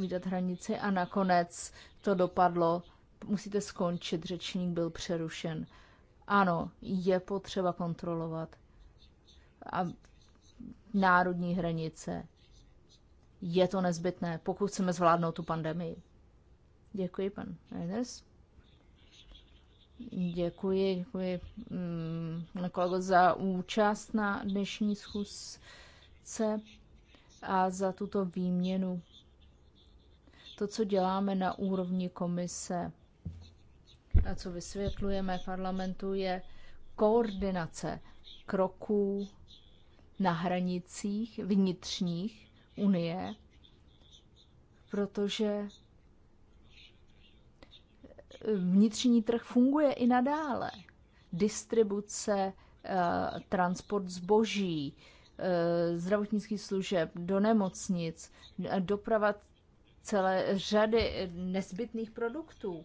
vydat hranici a nakonec to dopadlo. Musíte skončit, řečník byl přerušen. Ano, je potřeba kontrolovat a národní hranice. Je to nezbytné, pokud chceme zvládnout tu pandemii. Děkuji, pan Reinders. Děkuji, děkuji mm, kolego za účast na dnešní schůzce a za tuto výměnu. To, co děláme na úrovni komise a co vysvětlujeme parlamentu, je koordinace kroků na hranicích vnitřních Unie, protože eh, vnitřní trh funguje i nadále. Distribuce, eh, transport zboží, eh, zdravotnických služeb do nemocnic, doprava celé řady nezbytných produktů.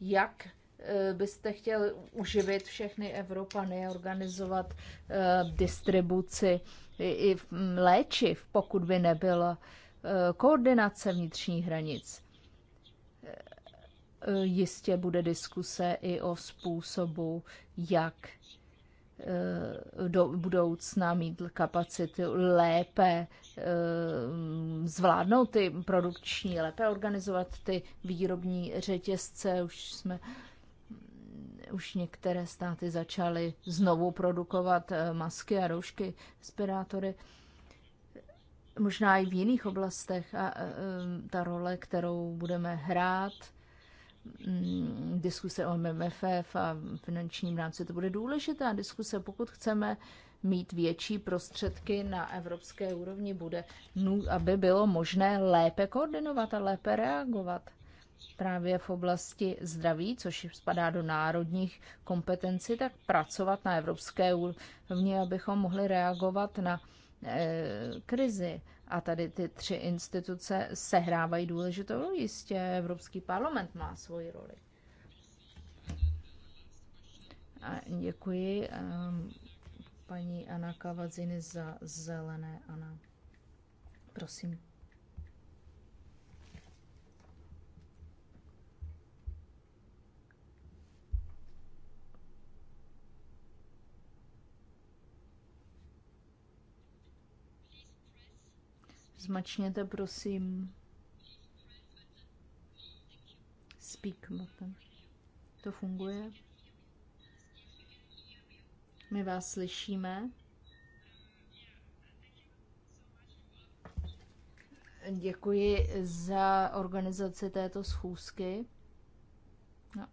Jak Eh, byste chtěl uživit všechny Evropany a organizovat eh, distribuci i mm, léčiv, pokud by nebyla eh, koordinace vnitřních hranic. Jistě bude diskuse i o způsobu, jak do budoucna mít kapacity lépe zvládnout ty produkční, lépe organizovat ty výrobní řetězce. Už jsme už některé státy začaly znovu produkovat eh, masky a roušky, respirátory. Možná i v jiných oblastech a, eh, eh, ta role, kterou budeme hrát, mm, diskuse o MMFF a finančním rámci, to bude důležitá diskuse, pokud chceme mít větší prostředky na evropské úrovni, bude, aby bylo možné lépe koordinovat a lépe reagovat právě v oblasti zdraví, což spadá do národních kompetencí, tak pracovat na evropské úrovni, abychom mohli reagovat na eh, krizi. A tady ty tři instituce sehrávají důležitou roli. Jistě Evropský parlament má svoji roli. A děkuji um, paní Anna Kavadziny za zelené. Ana, prosím. Zmačněte prosím speak button. To funguje. My vás slyšíme. Děkuji za organizaci této schůzky. No.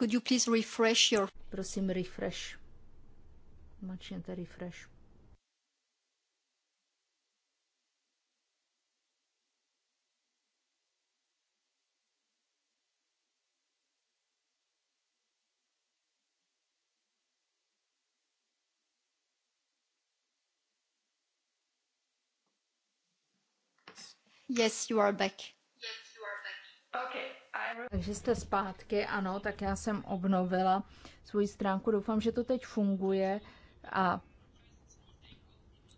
Could you please refresh your... Prosím, refresh. Mačněte refresh. Yes, you are back. Yes, you are back. Okay. I... Takže jste zpátky, ano, tak já jsem obnovila svoji stránku. Doufám, že to teď funguje a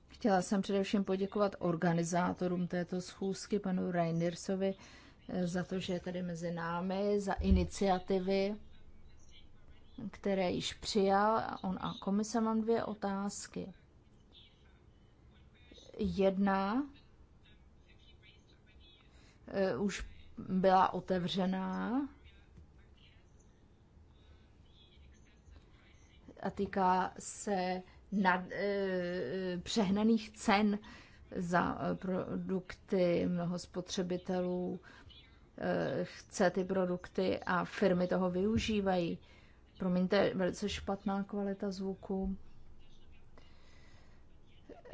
chtěla jsem především poděkovat organizátorům této schůzky, panu Reinersovi eh, za to, že je tady mezi námi, za iniciativy, které již přijal. On a komise mám dvě otázky. Jedna, E, už byla otevřená a týká se nad, e, e přehnaných cen za e, produkty. Mnoho spotřebitelů e, chce ty produkty a firmy toho využívají. Promiňte, velice špatná kvalita zvuku.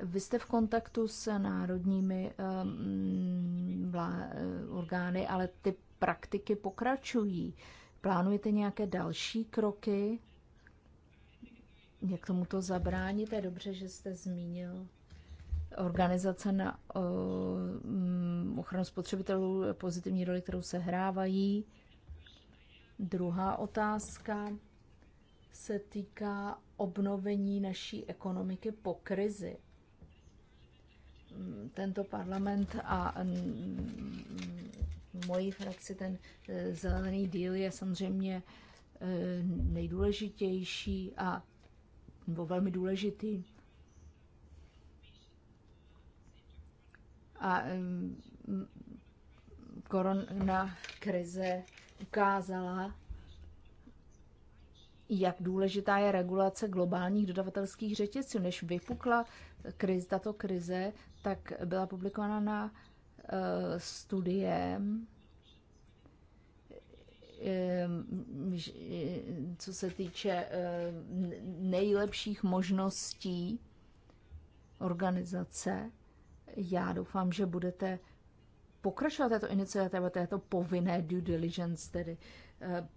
Vy jste v kontaktu s národními ehm, eh, orgány, ale ty praktiky pokračují. Plánujete nějaké další kroky? Jak tomuto zabránit? Je dobře, že jste zmínil organizace na ehm, ochranu spotřebitelů, pozitivní roli, kterou se hrávají. Druhá otázka se týká obnovení naší ekonomiky po krizi. Mm, tento parlament a mm, mm, moji frakci ten e, zelený díl je samozřejmě e, nejdůležitější a nebo velmi důležitý. A korona krize ukázala, jak důležitá je regulace globálních dodavatelských řetězců. Než vypukla kriz, tato krize, tak byla publikována na eh, studie, ehm, eh, co se týče ehm, nejlepších možností organizace. Já doufám, že budete pokračovat této iniciativě, této povinné due diligence, tedy eh,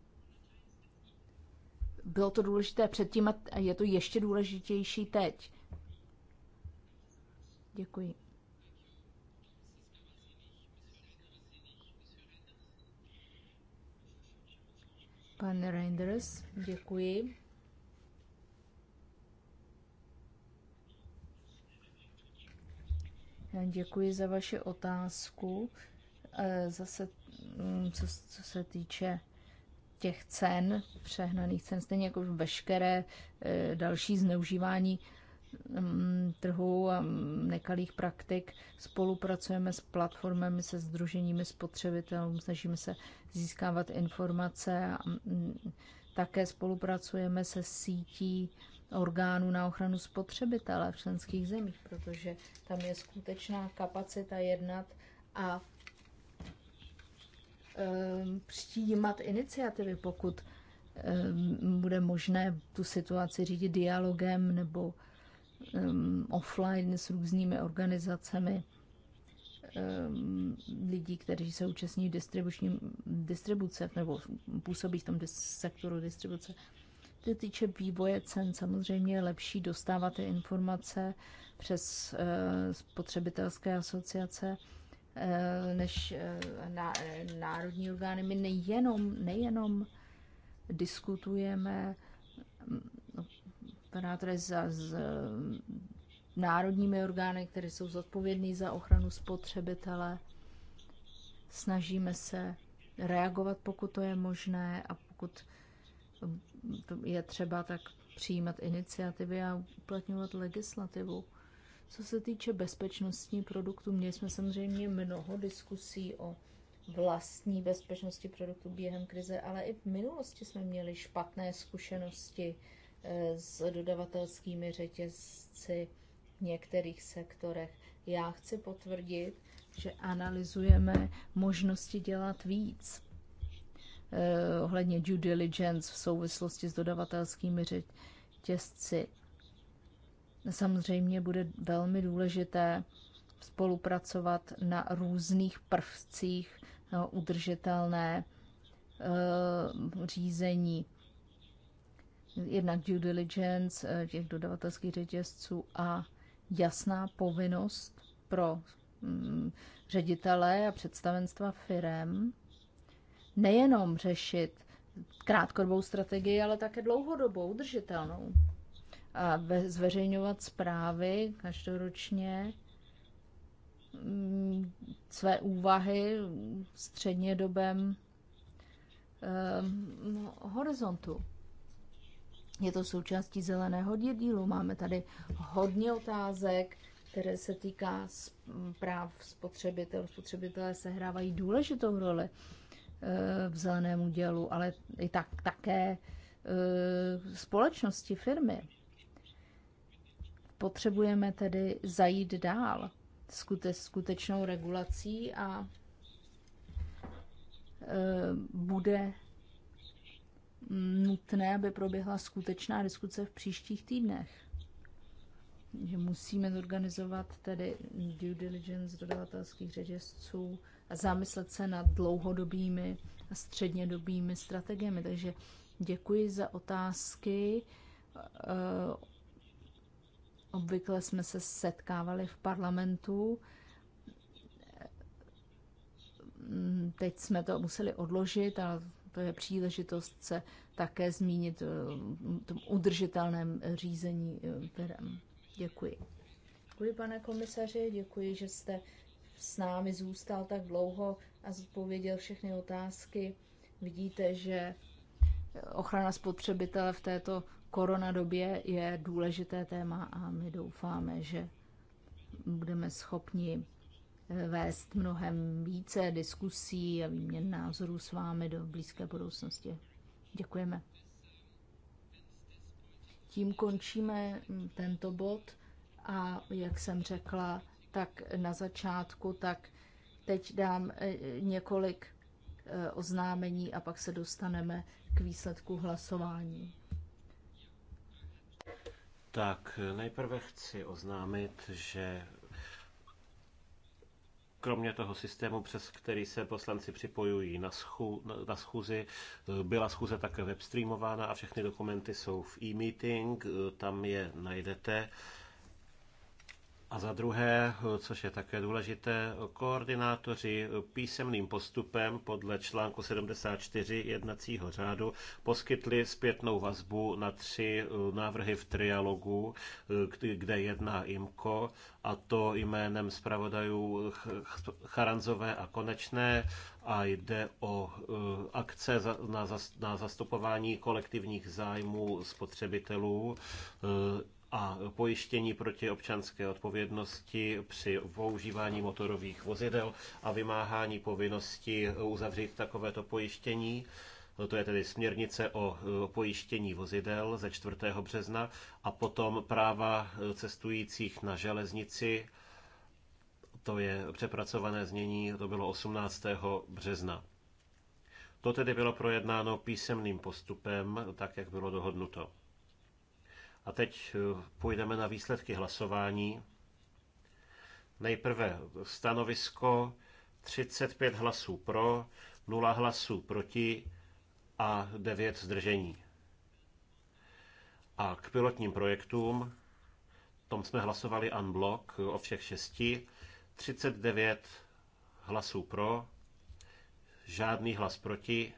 bylo to důležité předtím a je to ještě důležitější teď. Děkuji. Pan Reinders, děkuji. Děkuji za vaši otázku. Eh, zase, mm, co, co se týče těch cen, přehnaných cen, stejně jako veškeré eh, další zneužívání Mm, trhu a nekalých praktik. Spolupracujeme s platformami, se združeními spotřebitelů, snažíme se získávat informace. Mm, také spolupracujeme se sítí orgánů na ochranu spotřebitele v členských zemích, protože tam je skutečná kapacita jednat a přijímat iniciativy, pokud bude možné tu situaci řídit dialogem nebo um, offline s různými organizacemi um, lidí, kteří se účastní distribuční, distribuce nebo působí v tom dis- sektoru distribuce. Ty týče vývoje cen, samozřejmě je lepší dostávat ty informace přes uh, spotřebitelské asociace uh, než uh, na, národní orgány. My nejenom, nejenom diskutujeme operátory za, z, národními orgány, které jsou zodpovědné za ochranu spotřebitele. Snažíme se reagovat, pokud to je možné a pokud je třeba, tak přijímat iniciativy a uplatňovat legislativu. Co se týče bezpečnostní produktů, měli jsme samozřejmě mnoho diskusí o vlastní bezpečnosti produktů během krize, ale i v minulosti jsme měli špatné zkušenosti s dodavatelskými řetězci v některých sektorech. Já chci potvrdit, že analyzujeme možnosti dělat víc eh, ohledně due diligence v souvislosti s dodavatelskými řetězci. Samozřejmě bude velmi důležité spolupracovat na různých prvcích no, udržitelné eh, řízení jednak due diligence eh, těch dodavatelských řetězců a jasná povinnost pro mm, ředitele a představenstva firem nejenom řešit krátkodobou strategii, ale také dlouhodobou, udržitelnou. A zveřejňovat zprávy každoročně, mm, své úvahy v eh, no, horizontu. Je to součástí zeleného dílu. Máme tady hodně otázek, které se týká práv spotřebitelů. Spotřebitelé sehrávají důležitou roli eh, v zeleném dělu, ale i tak také eh, společnosti, firmy. Potřebujeme tedy zajít dál skute, skutečnou regulací a eh, bude nutné, aby proběhla skutečná diskuce v příštích týdnech. Že musíme zorganizovat tedy due diligence dodavatelských řetězců a zamyslet se nad dlouhodobými a střednědobými strategiemi. Takže děkuji za otázky. Eh, obvykle jsme se setkávali v parlamentu. Teď jsme to museli odložit, ale to je příležitost se také zmínit v eh, tom udržitelném řízení eh, firm. Děkuji. Děkuji, pane komisaři, děkuji, že jste s námi zůstal tak dlouho a zodpověděl všechny otázky. Vidíte, že ochrana spotřebitele v této koronadobě je důležité téma a my doufáme, že budeme schopni eh, vést mnohem více diskusí a výměn názorů s vámi do blízké budoucnosti. Děkujeme. Tím končíme mm, tento bod a jak jsem řekla, tak na začátku, tak teď dám e, několik e, oznámení a pak se dostaneme k výsledku hlasování. Tak e, nejprve chci oznámit, že kromě toho systému, přes který se poslanci připojují na, schu, na schůzi, eh, byla schůze také webstreamována a všechny dokumenty jsou v e-meeting, eh, tam je najdete. A za druhé, což je také důležité, koordinátoři písemným postupem podle článku 74 jednacího řádu poskytli zpětnou vazbu na tři eh, návrhy v trialogu, eh, kde jedná IMKO, a to jménem zpravodajů Charanzové a Konečné a jde o eh, akce na zastupování kolektivních zájmů spotřebitelů a pojištění proti občanské odpovědnosti při používání motorových vozidel a vymáhání povinnosti uzavřít takovéto pojištění. To je tedy směrnice o pojištění vozidel ze 4. března a potom práva cestujících na železnici. To je přepracované znění, to bylo 18. března. To tedy bylo projednáno písemným postupem, tak jak bylo dohodnuto. A teď eh, půjdeme na výsledky hlasování. Nejprve stanovisko 35 hlasů pro, 0 hlasů proti a 9 zdržení. A k pilotním projektům, tom jsme hlasovali unblock eh, o všech šesti, 39 hlasů pro, žádný hlas proti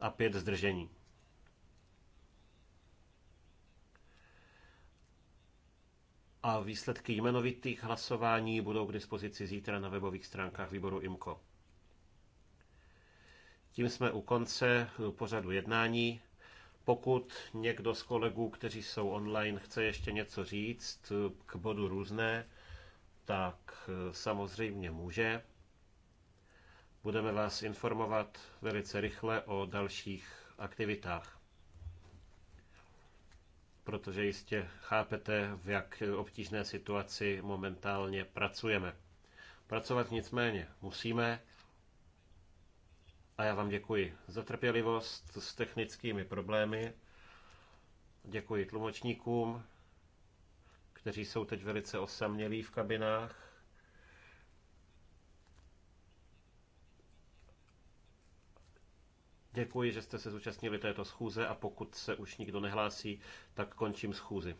a 5 zdržení. a výsledky jmenovitých hlasování budou k dispozici zítra na webových stránkách výboru IMKO. Tím jsme u konce pořadu jednání. Pokud někdo z kolegů, kteří jsou online, chce ještě něco říct k bodu různé, tak eh, samozřejmě může. Budeme vás informovat velice rychle o dalších aktivitách protože jistě chápete, v jak obtížné situaci momentálně pracujeme. Pracovat nicméně musíme a já vám děkuji za trpělivost s technickými problémy. Děkuji tlumočníkům, kteří jsou teď velice osamělí v kabinách. Děkuji, že jste se zúčastnili této schůze a pokud se už nikdo nehlásí, tak končím schůzi.